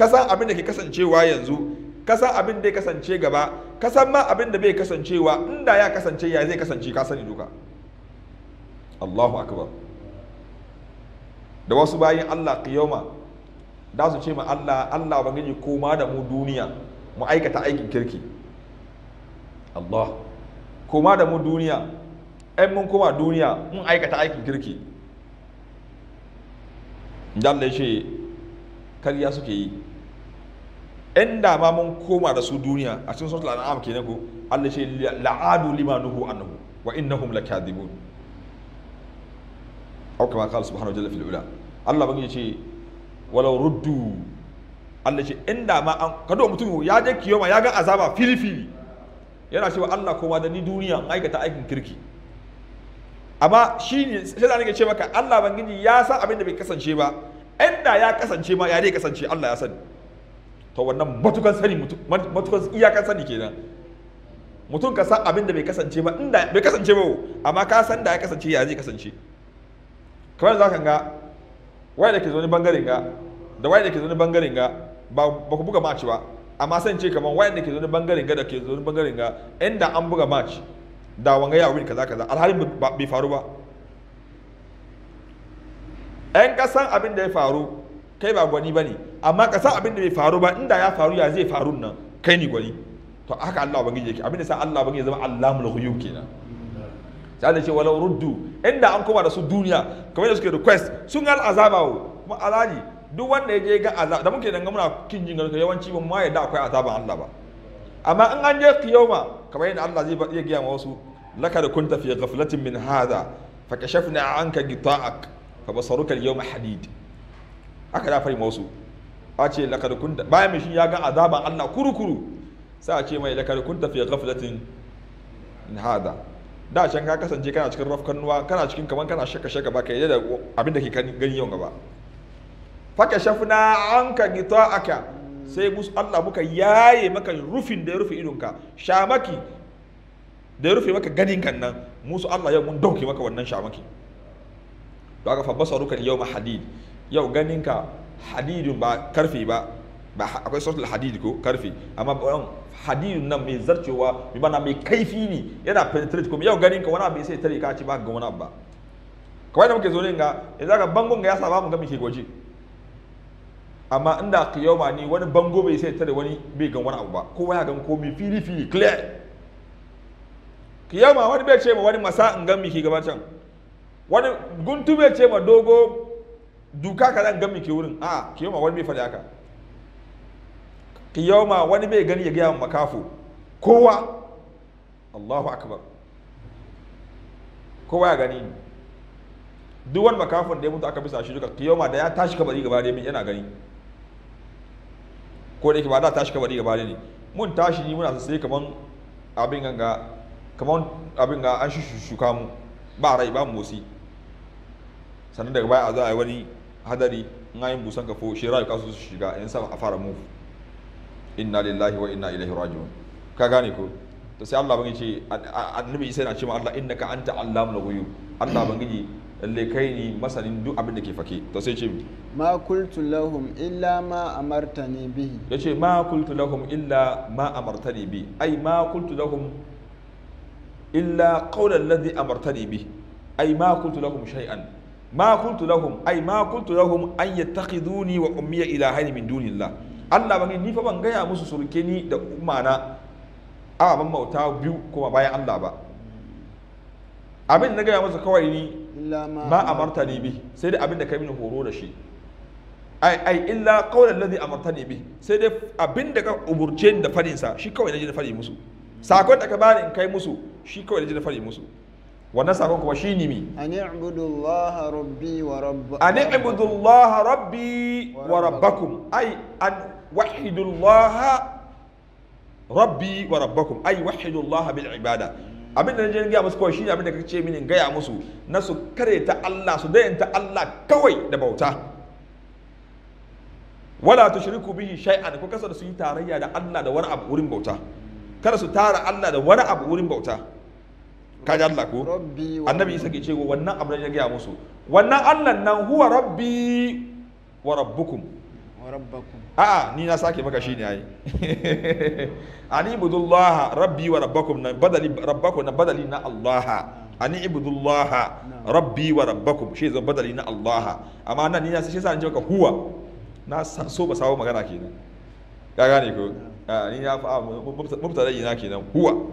ka san abin da ke kasancewa yanzu ka san abin da ya kasance gaba ka san ma abin da bai kasancewa inda ya kasance ya zai kasance ka sani duka Allahu akbar da wasu bayan Allah qiyama da su ce ma Allah Allah bangiji koma da mu duniya mu aikata aikin kirki Allah koma da mu duniya in mun koma duniya mun aikata aikin kirki dan da ce karya suke yi inda ma mun koma da su duniya a cikin suratul an'am kenan ko Allah shi la'adu lima nuhu anhu wa innahum lakadibun aw kama qala subhanahu wa ta'ala fil ula Allah bangi ya ce walau ruddu Allah ce inda ma an kado mutum ya je kiyoma ya ga azaba filifili yana cewa Allah koma da ni duniya aikata aikin kirki amma shi ne sai zan ce maka Allah bangiji ya san abin da bai kasance ba inda ya kasance ma ya dai kasance Allah ya sani to wannan matukan sani matukan iyakan sani kenan mutum ka san abin da bai kasance ba inda bai kasance ba amma ka san da ya kasance ya zai kasance kamar za ka ga waye da ke zaune bangaren ga da waye da ke zaune bangaren ga ba ku buga match ba amma san ce kamar waye da ke zaune bangaren ga da ke zaune bangaren ga inda an buga match da wanga ya wuri kaza kaza alhali bai faru ba ɗan kasan abin da ya faru kai ba gwani ba ne amma kasan abin da bai faru ba inda ya faru ya zai faru nan kai ni gwani to haka Allah ubangiji yake abin da sa Allah ubangiji zama Allahul ghuyub kenan sai da ce walau ruddu inda an koma da su duniya kamar da suke request sun ga azaba kuma alaji duk wanda ya je ga azaba da muke danga muna kin jin garka yawanci ban ma yadda akwai azaban Allah ba amma in an je kiyoma kamar yadda Allah zai iya giya ma wasu laqad kunta fi ghaflatin min hadha fakashafna anka gita'ak fa basaruka al-yawma hadid aka da fari mausu a ce lakar kunta bayan mai shi ya ga azaban Allah kurukuru sai a ce mai lakar hada da can ka kasance kana cikin rafkan nuwa kana cikin kaman kana shaka shaka ba kai da abin da ke gani yau gaba faka shafna anka aka. sai musu Allah muka yaye maka rufin da ya rufe idonka shamaki da ya rufe maka ganin kan nan musu Allah yau mun dauke maka wannan shamaki to aka fabbasa ruka yau ma hadid yau ganin ka hadidun ba karfe ba ba akwai sautul hadid ko karfe amma bayan um, hadidun nan mai zarcewa mai bana mai kaifi ne yana penetrate kuma yau ganin ka wani abu sai tare ka ci ba ga wani abu ba kawai da muke zo ne ga yanzu ka bangon ga ya saba mu ga muke gwaje amma inda qiyama ne wani bango bai sai tare wani bai gan wani abu ba kowa ya ko komai fili fili clear kiyama wani bai ce ma wani masa in gan miki gaba can wani guntu bai ce ma dogo duka ka zan gan miki wurin a kiyama wani bai faɗi haka kiyama wani bai gani ya gaya makafu kowa Allahu akbar kowa ya gani duk wani makafin da ya mutu aka bisa shi duka kiyama da ya tashi kabari gaba da yana gani ko da yake ba da tashi kabari gaba ne mun tashi ni muna sai kaman abin ganga kamar abin ga an shushuka mu ba rai ba motsi sannan daga baya a za a yi wani hadari in an yi busan kafo shi kasu su shiga in sama a fara mu inna lillahi wa inna ilaihi raji'un ka gane ko to sai Allah bangi ce annabi Isa yana cewa Allah innaka anta allamul ghuyub Allah bangi lalle kai ne masanin duk abin da ke fake to sai ce ma kultu lahum illa ma amartani bihi yace ma kultu lahum illa ma amartani bi ai ma kultu lahum illa qawlan ladhi amartani bi ai ma qultu lahum shay'an ma qultu lahum ai ma qultu lahum an yattakhiduni wa ummiya ilahaini min dunillah Allah bane ni fa ban gaya musu surke ni da ummana ban bauta biyu kuma bayan Allah ba abin na gaya musu kawai ni ma amarta bi sai dai abin da kai mini horo da shi ai ai illa qawlan ladhi amartani bi sai dai abin da ka umurce da fadin sa shi kawai ji da fadi musu sakon da ka bani in kai musu shi kawai da na fari musu wannan sakon kuma shi ne mi an i'budullaha rabbi wa rabbakum an i'budullaha rabbi wa rabbakum ai an wahidullaha rabbi wa rabbakum ai wahidullaha bil ibada abin da nake gaya musu kawai shi ne abin da kake ce mini gaya musu na su kareta Allah su dayanta Allah kawai da bauta wala ta tushriku bihi shay'an ku kasa da su yi tarayya da Allah da wani abu wurin bauta kada su tara Allah da wani abu wurin bauta kaji Allah ko annabi Isa ke cewa wannan abu da ya gaya musu wannan Allah nan huwa rabbi wa rabbukum wa rabbakum a'a ni na sake maka shi shine yayi (laughs) ani ibudullah rabbi wa rabbakum na badali rabbakum na badali na Allah ani ibudullah rabbi wa rabbakum shi zan badali na Allah amma nan ni na sai sai an ce maka huwa na so ba sawo magana kenan ka gane ko Ah, ni ya na fa'a ah, mubtada yana kenan huwa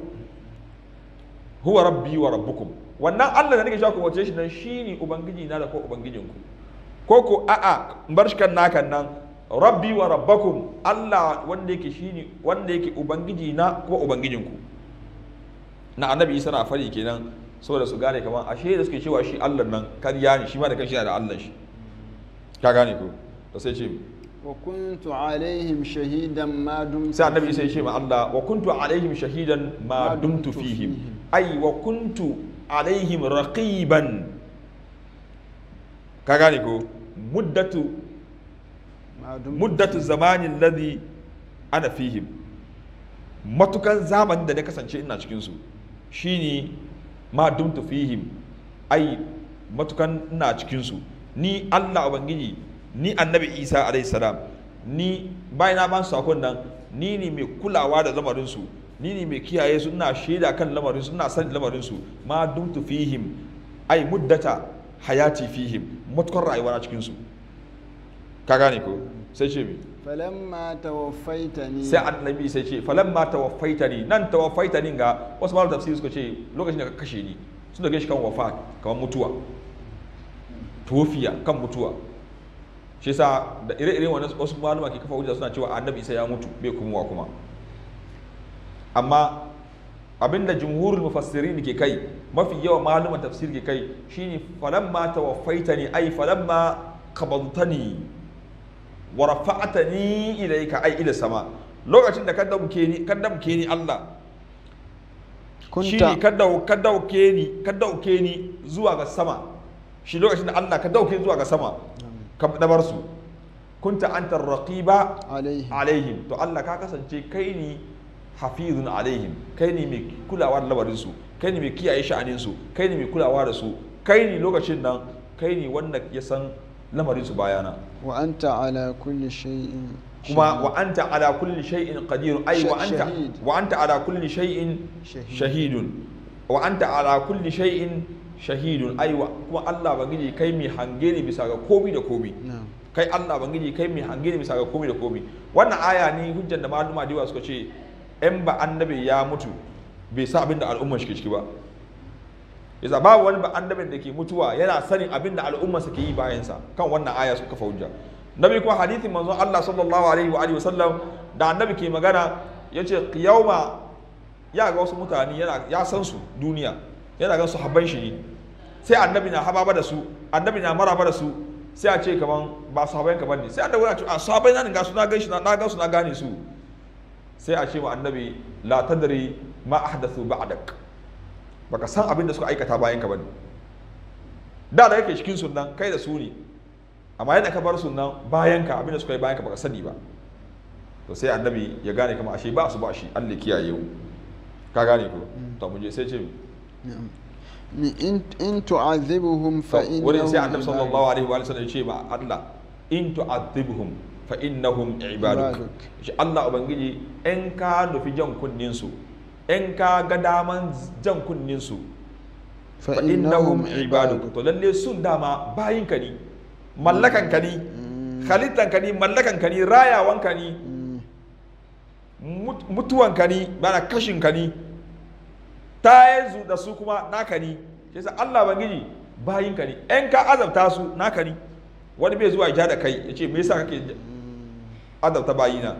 huwa rabbi wa rabbukum wannan Allah da nake sha ku wace shi nan shine ubangiji na da ko ubangijinku ko ko a'a bar shi kan nan rabbi wa rabbakum Allah wanda yake shine wanda yake ubangiji na ko ubangijinku na annabi isa na fari kenan saboda su gane kamar ashe da suke cewa shi Allah nan kan yani shi ma da kanshi yana da Allah shi ka gane ko to sai ce wa kuntu alaihim shahidan ma dumtu sai annabi sai ce ma Allah wa kuntu shahidan ma dumtu fihim ai wa kuntu alaihim raqiban ka gane ko muddatu muddatu zamanin ladhi ana fihim matukan zamanin da na kasance ina cikinsu. Shi shine ma dumtu fihim ai matukan ina cikinsu ni Allah ubangiji ni annabi isa alayhi salam ni na ban sakon nan ni ne mai kulawa da lamarin su ni ne mai kiyaye su ina shaida kan lamarin su ina sanin lamarin su ma dumtu fihim ai muddata hayati fihim matukar rayuwa na cikin su ka gane ko sai ce mi falamma tawaffaitani sai annabi sai ce falamma tawaffaitani nan tawaffaitani ga wasu malaman tafsiri suka ce lokacin da ka kashe ni sun dauke shi kan wafa kamar mutuwa tofiya kan mutuwa shi yasa da ire-iren wannan wasu malama ke kafa hujja suna cewa annabi isa ya mutu bai kuma kuma amma abinda jumhurul mufassirin ke kai mafi yawan maluman tafsir ke kai shine ne tawaffaitani ai falamma qabadtani wa rafa'atani ilayka ai ila sama lokacin da ka dauke ni ka dauke ni Allah shine ka dauke dauke ni ka dauke ni zuwa ga sama shi lokacin da Allah ka dauke zuwa ga sama kamdabar su kunta antar raqiba alaihim to Allah ka kasance kai ne hafizun alaihim kai ne mai kulawa da labarin su kai ne mai kiyaye sha'anin su kai ne mai kulawa da su kai ne lokacin nan kai ne wanda ya san lamarin su bayana wa anta ala kulli shay'in kuma wa anta ala kulli shay'in qadir ay wa anta wa anta ala kulli shay'in shahidun wa anta ala kulli shay'in shahidun aiwa kuma Allah bangiji kai mai hange ne bisa ga komi da komi kai Allah bangiji kai mai hange ne bisa ga komi da komi wannan aya ne hujjar da maluma diwa suka ce in ba annabi ya mutu bai sa abin da al'umma shi ciki ba yasa babu wani ba annabin da ke mutuwa yana sanin abin da al'umma suke yi bayan sa kan wannan aya suka kafa hujja nabi kuma hadithin manzo Allah sallallahu alaihi wa alihi wasallam da annabi ke magana yace yauma ya ga wasu mutane yana ya san su duniya yana gan sahabban shi sai annabi na haba da su annabi na maraba da su sai a ce kaman ba sahabban ka bane sai annabi ya ce a sahabbai nan ga su na gan shi na ga su na gane su sai a ce wa annabi la tadri ma ahdathu ba'dak baka san abin da suka aikata bayan ka bane da da yake cikin sunan kai da su ne amma yadda ka bar sunan bayan ka abin da suka yi bayan ka baka sani ba to sai annabi ya gane kama ashe ba su ba shi Allah kiyaye ka gane ko mm. to mu je sai ce in tu'adhibuhum fa innahum wurin sai annabi sallallahu alaihi wa sallam ce ba Allah in tu'adhibuhum fa innahum ibaduk shi Allah ubangiji in ka nufi jan kunnin su in ka ga daman jan kunnin su fa innahum ibaduk to lalle sun dama bayin ne mallakanka ne halittanka ne mallakanka ne rayawanka ne mutuwanka ne bana kashinka ne tayansu da su kuma naka ni shi yasa Allah bangiji bayinka ne in ka azabta su naka ni wani bai zuwa ja da kai yace me yasa kake azabta bayina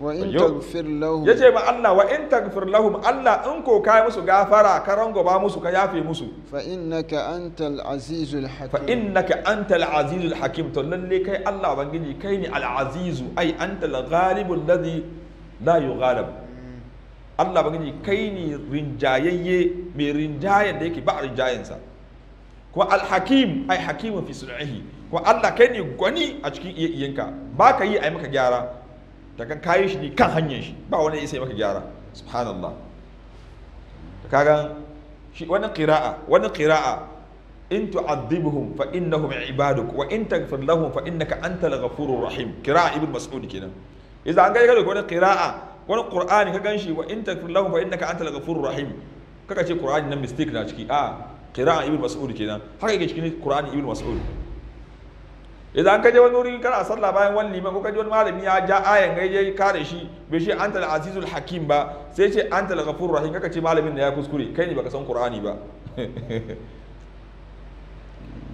wa in tagfir lahum ce ma Allah wa in tagfir lahum Allah in ko kai musu gafara ka rangoba musu ka yafe musu fa innaka antal azizul hakim fa innaka antal azizul hakim to lalle kai Allah bangiji kai ne al azizu ai antal ghalibul ladhi la yughalab Allah bangiji kai ne rinjayayye mai rinjayen da yake ba a rinjayensa kuma alhakim ai hakimun fi sulhihi kuma Allah kai ne gwani a cikin iya iyanka ba ka yi ai maka gyara da kan kayi shi ne kan hanyar shi ba wani ya sai maka gyara subhanallah da kagan shi wani qira'a wani qira'a in tu'adhibhum fa innahum ibaduk wa in taghfir lahum fa innaka antal ghafurur rahim qira'a ibn mas'ud kenan idan an ga wani qira'a wani qur'ani ka ganshi wa in takfir lahum fa innaka antal ghafurur rahim kaka ce qur'ani nan mistake na ciki a qira'a ibn mas'ud kenan haka yake cikin qur'ani ibn mas'ud idan ka je wani wuri kana sallah bayan wani liman ko ka je wani malami ya ja ayan ga je kare shi bai shi antal azizul hakim ba sai ce antal ghafurur rahim kaka ce malamin da ya kuskure kai ne baka san qur'ani ba (laughs)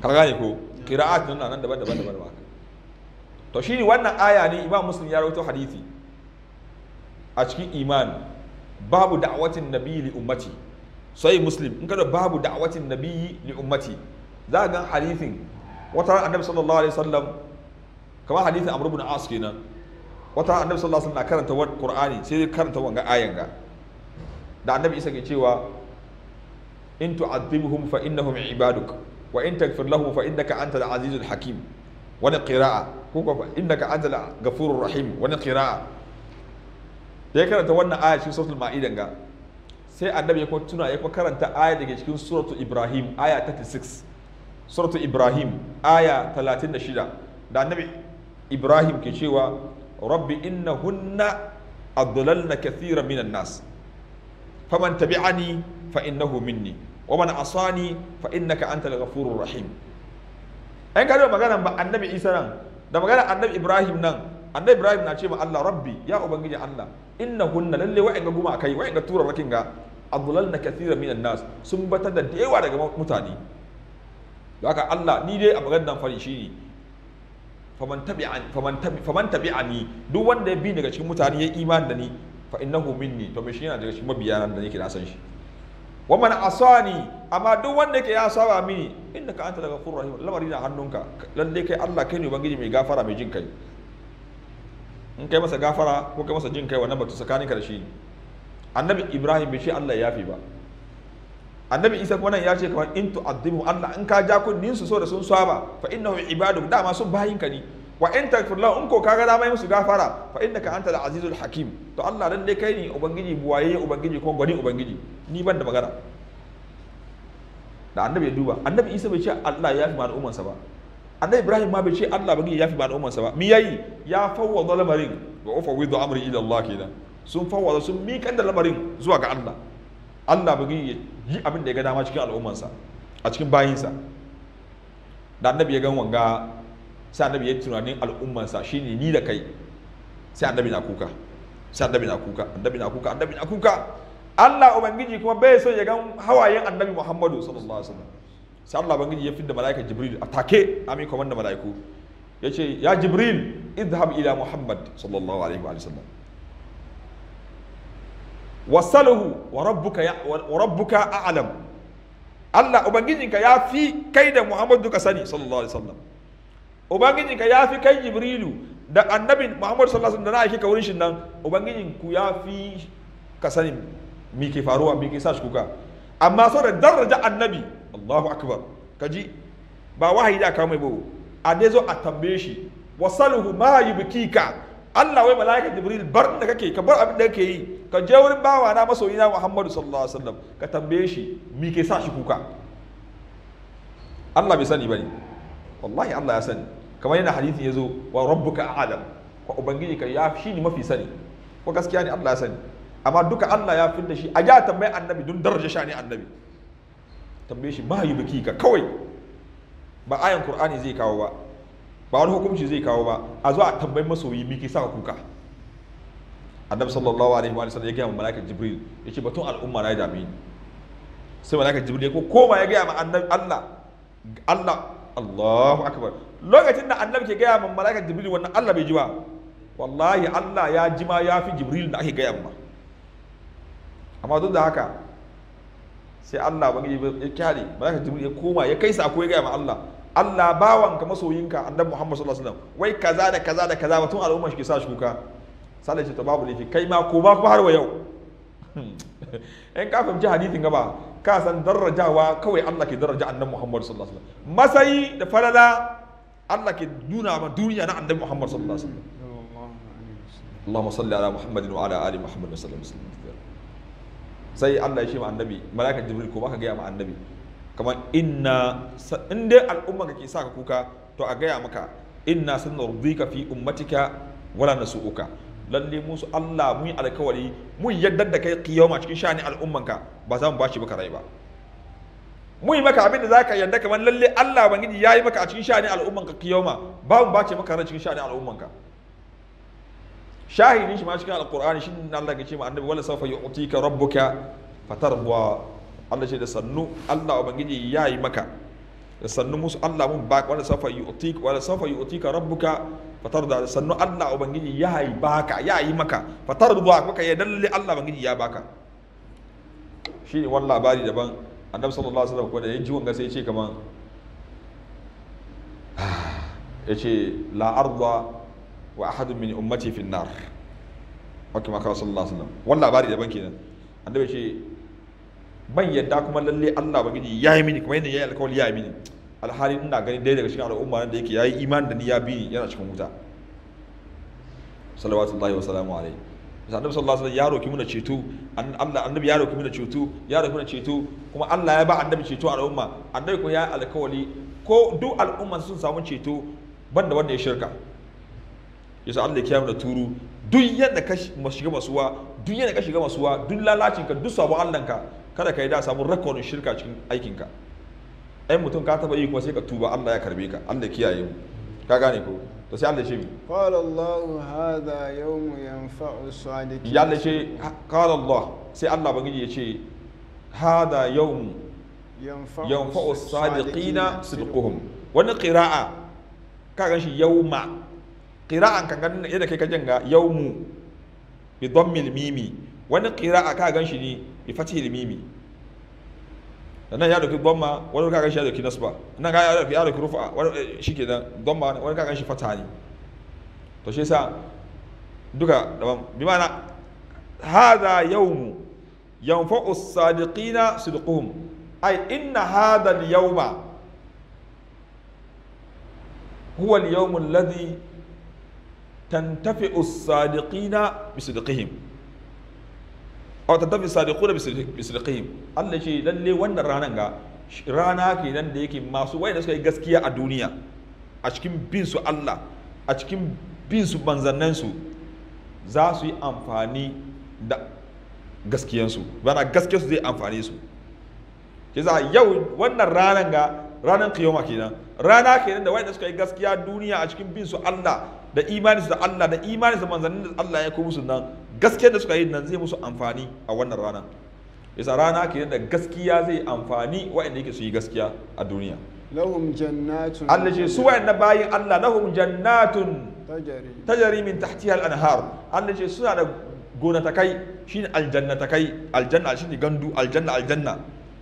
ka gane ko qira'at nan nan daban daban daban to shine wannan aya ne imam muslim ya rawaito hadisi a cikin imani babu da'awatin nabiyyi li ummati sai muslim in kada babu da'awatin nabiyyi li ummati za ga hadithin wata ran annabi sallallahu alaihi wasallam kamar hadithin amr ibn as kenan wata ran annabi sallallahu alaihi wasallam na karanta wani qur'ani sai karanta wanga ayan ga da annabi isa ke cewa in tu'adhibhum fa innahum ibaduk wa in taghfir lahum fa innaka antal azizul hakim wani qira'a ko fa innaka antal ghafurur rahim wani qira'a da ya karanta wannan aya cikin suratul ma'idan ga sai annabi ya kuma tuna ya kuma karanta aya daga cikin suratul ibrahim aya 36 suratul ibrahim aya 36 da annabi ibrahim ke cewa rabbi innahunna adlalna kathiran minan nas faman tabi'ani fa innahu minni wa man asani fa innaka antal ghafurur rahim an kada magana ba annabi isa nan da magana annabi ibrahim nan annabi ibrahim na ce ma Allah rabbi ya ubangiji Allah innahunna lalle wa'anga guma kai wa'anga tura rakin ga adlalna kathira minan nas sun batar da yawa daga mutane haka Allah ni dai a maganar fari shine faman tabi'ani faman tabi faman tabi'ani duk wanda ya bi daga cikin mutane ya imani da ni fa innahu minni to shi yana daga cikin mabiya nan da nake na san shi wa man asani amma duk wanda yake ya saba mini innaka anta daga rahim lamari na hannunka lalle kai Allah kai ne ubangiji mai gafara mai jin kai in kai masa gafara ko kai masa jin kai wannan batu tsakanin ka da shi annabi ibrahim bai ce Allah ya fi ba annabi isa kuma nan ya ce kamar in tu'addimu Allah in ka ja kunnin su so da sun saba fa innahu ibadu dama sun bayin ka ne wa in takfir lahu in ko kaga dama musu gafara fa innaka al azizul hakim to Allah dan dai kai ne ubangiji buwaye ubangiji ko gwani ubangiji ni ban da magana da annabi ya duba annabi isa bai ce Allah ya fi ma al'ummarsa ba annabi ibrahim ma bai ce allah ba ya fi ba al'ummarsa ba mi yayi ya fawwada lamarin wa ufawwidu amri ila allah kenan sun fawwada sun miƙan da lamarin zuwa ga allah allah ba ya yi abin da ya ga dama cikin al'ummarsa a cikin bayinsa da annabi ya gan wanga sai annabi ya tunanin al'ummarsa shine ni da kai sai annabi na kuka sai annabi na kuka annabi na kuka annabi na kuka allah ubangiji kuma bai so ya gan hawayen annabi muhammadu sallallahu alaihi wasallam sai Allah bangiji ya fidda malaika Jibril a take amin komanda malaiku yace ya Jibril idhhab ila Muhammad sallallahu alaihi wa sallam wa rabbuka ya wa rabbuka a'lam Allah ubangijinka ya fi kai da Muhammad duka sani sallallahu alaihi ubangijinka ya fi kai Jibrilu da annabin Muhammad sallallahu alaihi wa da na aike ka wurin shi nan ubangijinku ya fi ka sani ke faruwa ke sa shi kuka amma so da daraja annabi Allahu akbar kaji ba wahayi da aka mai ba a dai zo a tambaye shi wasaluhu ma yubkika Allah wai malaika Jibril bar da kake ka bar abin da kake yi ka je wurin bawa na masoyi na Muhammadu sallallahu alaihi wasallam ka tambaye shi me ke sa shi kuka Allah bai sani bane wallahi Allah ya sani kamar yana hadisi ya zo wa rabbuka a'lam ko ubangiji ka ya shi ne mafi sani ko gaskiya ne Allah ya sani amma duka Allah ya fi da shi a ja tambayi annabi don daraja shani annabi tambaye shi yi biki ka kawai ba ayan qur'ani zai kawo ba ba wani hukunci zai kawo ba a zo a tambayi masoyi miki sa kuka annabi sallallahu alaihi wa sallam ya gaya wa malaka jibril yace batun al'umma na dami ni sai malaka jibril ya ko koma ya gaya ma annabi Allah Allah Allahu akbar lokacin da annabi ke gaya ma malaka jibril wannan Allah bai ji ba wallahi Allah ya ji ma ya fi jibril da ake gaya ma amma duk da haka sai Allah ban ya kyale malaka jibril ya koma ya kai sako ya gaya ma Allah Allah bawan ka masoyinka annabi Muhammad sallallahu alaihi wasallam wai kaza da kaza da kaza batun al'umma shi ke sa shi kuka sallah ce ta babu laifi kai ma ko ba kuma har wa yau hmm. (laughs) in ka fahimci hadithin gaba ka san darajawa kawai Allah ke daraja annabi Muhammad sallallahu alaihi wasallam masayi da falala Allah ke nuna ma duniya na annabi Muhammad sallallahu alaihi wasallam اللهم صل على محمد وعلى ال محمد وسلم وسلم sai Allah ya ce ma annabi malaikar jibril ko baka gaya ma annabi kamar inna in dai al'umma kake sa ka kuka to a gaya maka inna sanurdika fi ummatika wala nasu'uka lalle musu Allah mun alkawari mun yadda da kai kiyama cikin shani al'ummanka ba za mu bashi maka rai ba mun yi maka abin da zaka yadda kamar lalle Allah bangiji yayi maka a cikin shani al'ummanka kiyama ba mu bace maka rai cikin shani al'ummanka shahidin shi ma cikin alqur'ani shi ne Allah ke ce ma annabi wala sawfa yu'tika rabbuka fatarba Allah ce da sannu Allah ubangiji yayi maka da sannu musu Allah mun ba wala sawfa yu'tika wala sawfa yu'tika rabbuka da sannu Allah ubangiji yayi baka yayi maka fatarba maka ya dalle Allah ubangiji ya baka shi ne wani labari daban annabi sallallahu alaihi wasallam ko da ya ji wanga sai ya ce kaman ah, ya ce la arda wa ahadun min ummati fi nar haka ma kawo sallallahu alaihi wasallam wannan labari daban kenan annabi ce ban yadda kuma lalle Allah bagiji ya yi mini kuma yadda ya yi alkawali ya yi mini alhali ina gani dai daga cikin al'umma da yake ya yi imani da ni ya bi yana cikin wuta salawatullahi wa salamu alaihi bisa annabi sallallahu alaihi wasallam ya roki muna ceto Allah annabi ya roki muna ceto ya roki muna ceto kuma Allah ya ba annabi ceto a al'umma annabi kuma ya alkawali ko duk al'umma sun samu ceto banda wanda ya shirka yasa Allah ya kiyaye da turu duk yadda ka shiga masuwa duk yadda ka shiga masuwa duk lalacin ka duk sabon Allah ka kada ka yi da samun rakonin shirka cikin aikin ka ai mutum ka taba yi kuma sai ka tuba Allah ya karbe ka Allah ya kiyaye mu ka gane ko to sai Allah ya ce mi qala Allah hadha yawm yanfa'u sadiqin ya Allah ce qala Allah sai Allah bangiji ya ce hadha yawm yanfa'u sadiqina sidquhum wannan qira'a ka shi yawma qira'an ka ganin yadda kai ka jin ga yawmu bi dhammil mimi wani qira'a ka gan shi ne bi fathil mimi nan ya dauki dhamma wani ka gan shi ya dauki nasba nan ga ya dauki ya dauki rufa wani eh, shikenan dhamma wani ka gan shi fatha ne to shi yasa duka daban bi ma'ana hadha yawmu yanfa'u as-sadiqina sidquhum ay inna hadha al-yawma huwa al-yawmu alladhi tantafi usadiqina bisidqihim aw tantafi sadiquna bisidqihim Allah shi lalle wannan ranan ga rana kenan da yake masu wayanda suka yi gaskiya a duniya a cikin bin su Allah a cikin bin su banzannan su za su yi amfani da su. bana su zai amfani su ke za yau wannan ranan ga ranan kiyoma kenan rana kenan da wayanda suka yi gaskiya duniya a cikin bin su Allah da imaninsu da Allah da imaninsu da manzannin da Allah ya kuma musu nan da suka yi nan zai musu amfani a wannan rana isa rana ke da gaskiya zai amfani wa'anda yake su yi gaskiya a duniya lahum jannatun Allah ce su wa'anda bayin Allah lahum jannatun tajari min tahtiha al-anhar Allah ce suna da gonatakai shine aljannatakai aljanna shine gandu aljanna aljanna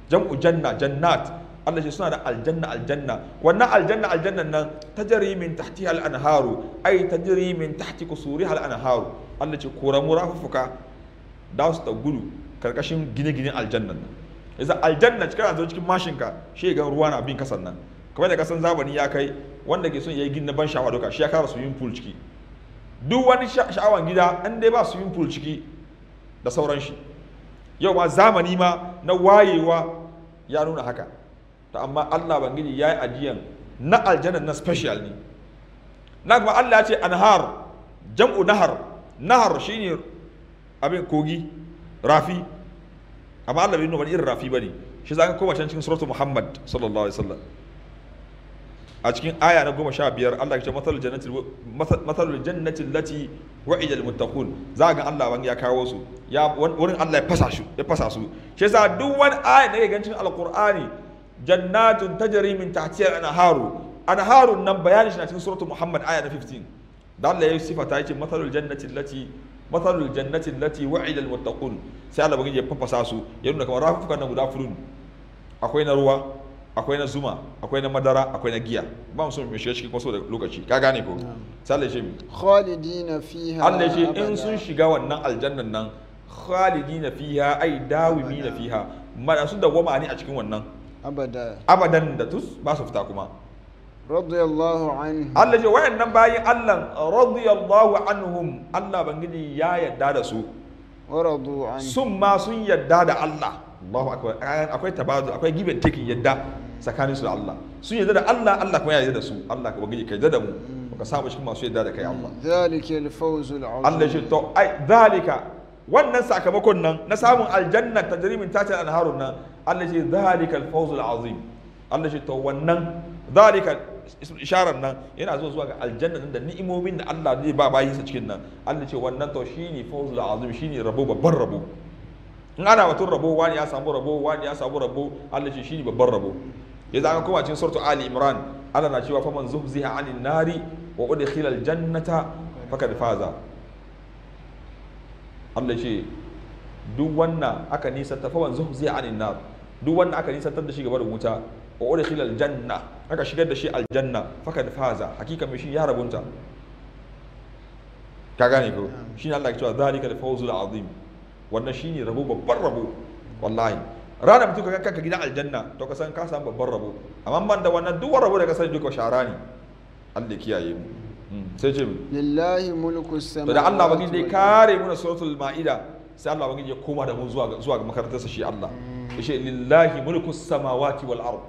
jam'u janna jannat Allah shi suna da aljanna aljanna wannan aljanna aljannan nan tajri min tahtiha al-anharu ai tajri min tahti kusuri al-anharu Allah ce koramu rafufuka da su ta gudu karkashin gine-ginen aljannan nan yasa aljanna cikin a zo cikin mashinka shi ga ruwa na bin kasan nan kamar da kasan zamani ya kai wanda ke son yayi gini na ban sha'awa doka shi ya kara swimming pool ciki duk wani sha'awan gida an dai ba swimming pool ciki da sauran shi yau ma zamani ma na wayewa ya nuna haka to amma Allah bangiji yi ajiyan na aljanan na special ne na kuma Allah ya ce anhar jam'u nahar nahar shine abin kogi rafi amma Allah bai nuna wani irin rafi bane shi zaka koma can cikin suratul Muhammad sallallahu alaihi wasallam a cikin aya na goma sha biyar Allah ya ce matsalul jannati lati wa'ida almuttaqun za ga Allah wani ya kawo su ya wurin Allah ya fasa su ya fasa su shi yasa duk wani aya da yake gancin alqur'ani jannatun tajari min tahtiha anharu anharun nan bayanin shi na cikin suratul muhammad aya 15 da Allah ya sifata yake mathalul jannati allati mathalul jannati allati wa'ida almuttaqun sai Allah bugin ya fafasa su ya nuna kamar rafukan na guda furun akwai na ruwa akwai na zuma akwai na madara akwai na giya ba mu so mu shiga cikin kwaso da lokaci ka gane ko sai Allah ya ce mi khalidina fiha Allah ya ce in sun shiga wannan aljannan nan khalidina fiha ai na fiha ma su ne a cikin wannan Abada. abadan da tus ba su fita kuma radiyallahu anhu Allah ce wayannan bayin Allah radiyallahu anhum Allah bangiji ya yadda da su waradu anhu sun ma sun yadda da Allah Allahu akbar akwai tabazu akwai giben taking yadda tsakanin su da Allah sun yadda da Allah Allah kuma ya yadda da su Allah ka bangiji ka yadda da mu ka samu cikin masu yadda da kai Allah zalika al-fawzul azim Allah shi to ai zalika wannan sakamakon nan na samun aljanna ta jirimin tacin anharun nan Allah ce zalika alfawzul azim Allah ce to wannan zalika isharar nan yana zuwa zuwa ga aljanna nan da ni'imomin da Allah zai ba bayin sa cikin nan Allah ce wannan to shine fawzul azim shine rabo babban rabo in ana batun rabo wani ya samu rabo wani ya samu rabo Allah ce shine babban rabo yanzu an koma cikin surtu ali imran Allah na cewa faman zuhziha anin nari wa udkhila aljannata faqad faza Allah ce duk wannan aka nisanta fa wanzu zai anin nar duk wannan aka nisantar da shi gaba da wuta wa udkhila aljanna aka shigar da shi aljanna fakad faza hakika mai shi ya rabunta ka gane ko shine Allah ya ce zalika alfawzul azim wannan shine rabo babban rabo wallahi ranar mutum ka kanka gidan aljanna to ka san ka samu babban rabo amma ban da wannan duk rabo da ka sani duka shara ne Allah kiyaye mu Hmm. sai ce lillahi mulku samawati da Allah bangiji dai kare mu na suratul maida sai Allah bangiji ya koma da mu zuwa zuwa ga makarantarsa shi Allah hmm. yace lillahi mulku samawati wal ard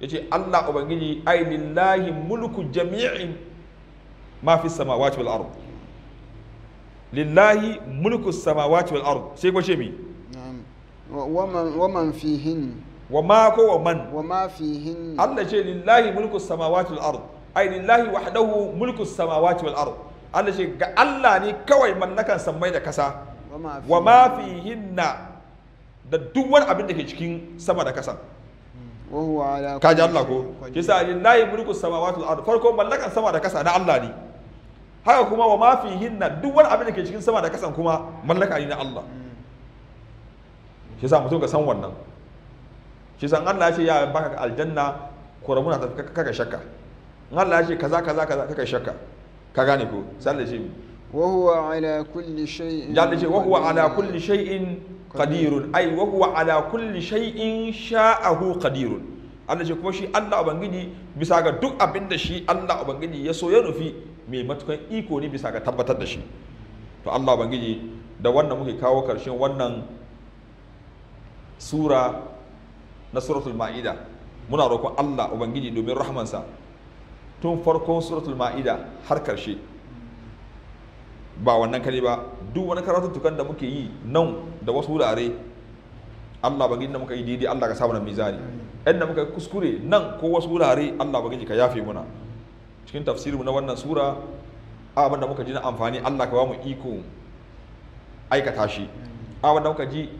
yace Allah ubangiji ai lillahi mulku jami'i ma fi samawati wal ard lillahi mulku samawati wal ard sai ko ce mi waman waman fihin wa ma ko waman. man wa ma fihin Allah ce lillahi mulku samawati wal ard ai lillahi wahdahu mulku samawati wal ard Allah shi ga Allah ne kawai mallakan sammai da kasa wa ma fihinna da duk wani abin da ke cikin sama da kasa ka ji Allah ko kisa lillahi mulku samawati wal ard farko mallakan sama da kasa na Allah ne haka kuma wa ma fihinna duk wani abin da ke cikin sama da kasan kuma mallaka ne na Allah Kisa mutum ka san wannan Kisan Allah ya ce ya baka aljanna kuramuna ta kaka shakka in Allah ya ce kaza kaza kaza kaka shakka ka gane ko sai Allah ce wa huwa ala kulli shay'in ya Allah ya ce wa huwa ala kulli shay'in qadirun ai wa huwa ala kulli shay'in sha'ahu qadirun Allah ce kuma shi Allah ubangiji bisa ga duk abin da shi Allah ubangiji ya so ya nufi mai matukan iko ne bisa ga tabbatar da shi to Allah ubangiji da wannan muke kawo karshen wannan sura na suratul ma'ida muna roƙon Allah ubangiji domin rahmansa tun farkon suratul ma'ida har karshe ba wannan kare ba duk wani karatun tukan da muke yi nan da wasu wurare Allah ba gina muka yi daidai Allah ka samu na mizani da muka kuskure nan ko wasu wurare Allah ba ka yafe muna cikin tafsirinmu na wannan sura abin da muka ji na amfani Allah ka ba mu iko aikata shi abin da muka ji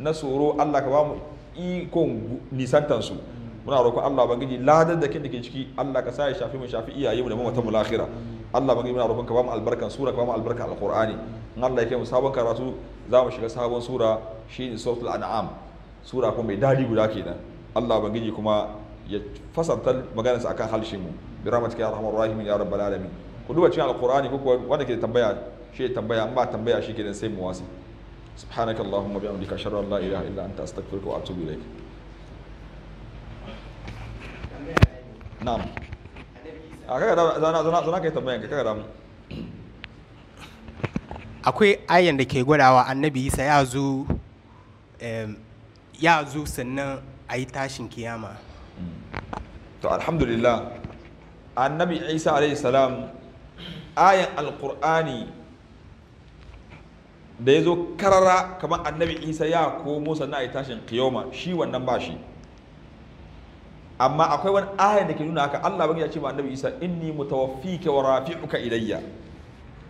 na tsoro Allah ka ba mu ikon nisantansu muna roƙon Allah bangiji ladar da kin da ke ciki Allah ka sa ya shafi mu shafi iyaye mu da mu mu lahira Allah bangiji muna roƙon ka ba mu albarkan sura ka ba mu albarkan alqur'ani in Allah ya kai mu sabon karatu za mu shiga sabon sura shine suratul an'am sura kuma mai dadi guda kenan Allah bangiji kuma ya fasanta maganarsa akan halshin mu bi rahmatika ya arhamar rahimin ya rabbal alamin ku duba cikin alqur'ani ko wanda ke tambaya shi tambaya in ba tambaya shi kenan sai mu wasi subhanakallahumma bihamdika ashhadu an la ilaha illa anta astaghfiruka wa atubu ilaik na'am zana zana zana tambayan ka akwai ayan da ke gwadawa annabi isa ya zo ya zo sannan a yi tashin kiyama hmm. to alhamdulillah annabi isa alaihi salam ayan alkur'ani da ya zo karara kamar annabi isa ya komo sannan a yi tashin kiyama shi wannan ba shi amma akwai wani ayan da ke nuna haka Allah bangiji ya ce ma annabi Isa inni mutawaffika wa rafi'uka ilayya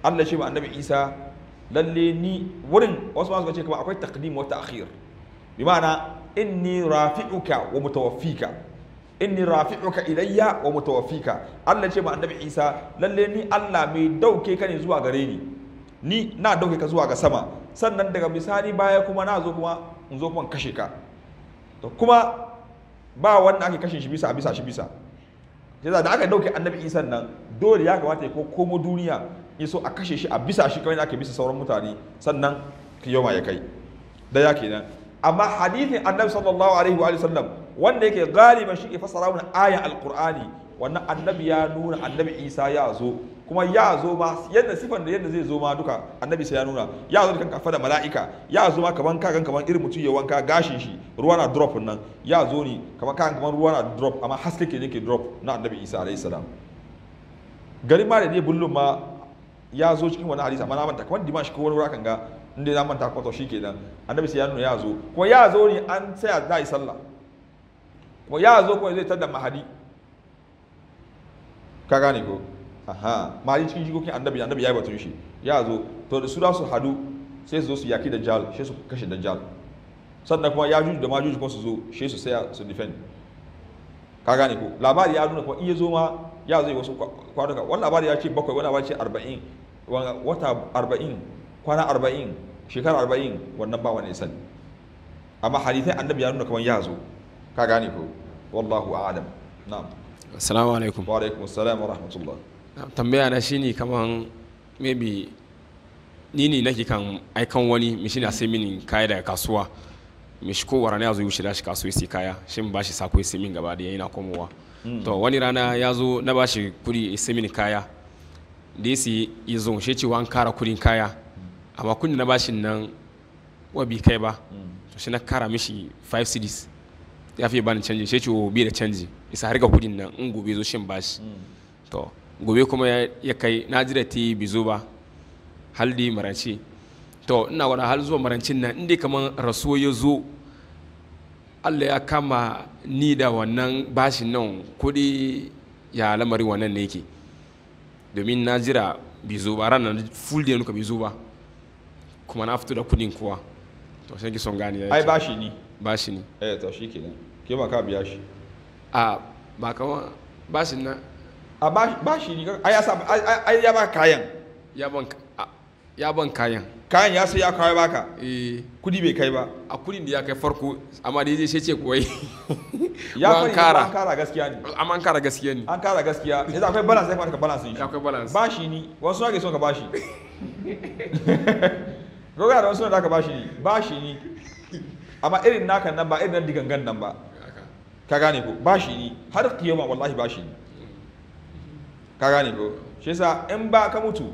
Allah ce ma annabi Isa lalle ni wurin wasu ma suka ce kuma akwai taqdim wa ta'khir bi ma'ana inni rafi'uka wa mutawaffika inni rafi'uka ilayya wa mutawaffika Allah ce ma annabi Isa lalle ni Allah mai dauke ka ne zuwa gare ni ni na dauke ka zuwa ga sama sannan daga misali baya kuma na zo kuma in zo kuma kashe ka to kuma ba wanda ake kashe shi bisa bisa shi bisa yasa da aka dauke annabi isa nan dole ya kamata ya ko komo duniya ya so a kashe shi a bisa shi kamar ake bisa sauran mutane sannan kiyoma ya kai da ya kenan amma hadithin annabi sallallahu alaihi wa sallam wanda yake galiban shi ke fassara mana ayan alqur'ani wannan annabi ya nuna annabi isa ya zo kuma ya zo ma yadda sifan da yadda zai zo ma duka annabi sai ya nuna ya zo da kan kafa da mala'ika ya zo ma kaman kakan kaman irin mutum ya wanka gashin shi ruwa na drop nan ya zo ni kaman kakan kaman ruwa na drop amma haske ke yake drop na annabi isa alayhi salam garin ma da ne bullun ma ya zo cikin wani hadisi amma na manta kaman dimashi ko wani wura kan ga inda na manta ko to nan. annabi sai ya nuna ya zo kuma ya zo ni an tsaya za yi sallah kuma ya zo kuma zai tada mahadi ka gane ko aha mali cikin jikokin annabi annabi ya yi batun shi ya zo to da su za su hadu sai su zo su yaki da jal sai su kashe da jal sannan kuma ya juju da ma juju kuma su zo sai su saya su defend ka gane ko labari ya nuna kuma iya zo ma ya zai wasu kwanuka wani labari ya ce bakwai wani labari ce arba'in wata arba'in kwana arba'in shekara arba'in wannan ba wani sani amma hadithai annabi ya nuna kamar ya zo ka gane ko wallahu a'adam. na'am assalamu alaikum wa alaikum assalam wa rahmatullah tambaya na ne kaman maybe ni ne nake kan aikan wani mishi na sai mini kaya daga kasuwa mishi ko rana ya zo wuce da shi kasuwa sai kaya shi ba shi sako sai min gaba da yana komowa hmm. to wani rana ya zo na ba shi kudi sai mini kaya da ya yi ya zo shi ce wani kara kudin kaya amma kudin na ba shi nan wabi kai ba to hmm. shi na kara mishi 5 cities ya fi bani canji shi ce bi da canji isa har ga kudin nan in gobe zo shi ba shi hmm. to gobe kuma ya kai na jira ta yi bizo ba haldi maranci to ina wani hal zuwa marancin nan inda kamar rasuwa ya zo allah ya kama ni da wannan bashin nan kudi ya lamari wannan ne yake domin na jira bizo ba ranar full day nuka bizo ba kuma na fito da kudin kuwa to sai son gani ai bashi ni bashi ni. eh to shi kenan ke ma ka biya shi a ba kama bashin nan a ba shi ne ai ya sa ai ya ba kayan ya ban ya ban kayan kayan ya sai ya kawo baka ka. Eh. kudi bai kai ba a kudin da ya kai farko amma da zai ce kuwai (laughs) ya an kara an kara gaskiya ne amma an kara gaskiya ne an kara gaskiya yanzu akwai balance sai ka balance shi akwai balance shi ne wasu ake son ka shi gogara (laughs) da wasu da ka ne ni shi ne amma irin naka nan ba irin nan digangan nan ba ka gane ko shi ni har kiyama wallahi shi ni ka gane ko shi yasa in ba ka mutu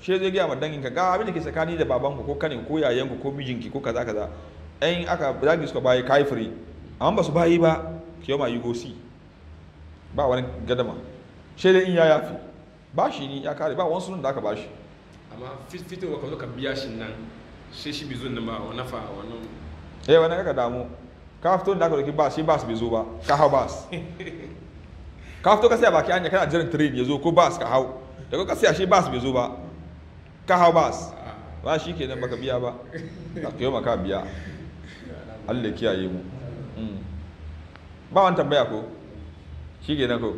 shi zai gaya ma danginka ga abin da ke tsakani da babanku ko kanin ko yayanku ko mijinki ko kaza kaza ɗan aka zagi suka bayi kayi fure amma ba su bayi ba ki yoma yi gosi. ba wani gadama shi dai in ya yafi ba shi ni ya kare ba wani sunan da aka ba shi amma fitowa ka zo ka biya shi nan shi shi bizon nan ba wani fa wannan eh wani kaka damu ka fito da aka doki ba shi ba su bizo ba ka ha ba su (laughs) ka fito ka a baki anya kana jiran train ya zo ko bas ka hau daga ka saya shi bas bai zo ba ka hau bas ba shi kenan baka biya ba ka kai maka biya Allah kiyaye mu hmm. ba wani tambaya ko shi kenan ko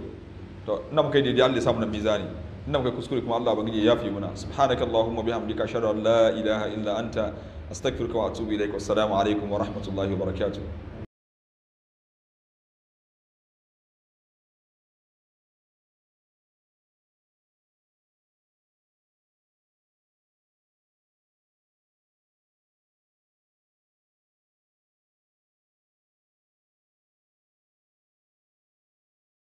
to ina muka yi daidai Allah ya samu na mizani ina muka kuskure kuma Allah bangiji ya fi muna subhanakallahumma bihamdika ashhadu an la ilaha illa anta astaghfiruka wa atubu ilaik wassalamu alaikum wa rahmatullahi wa barakatuh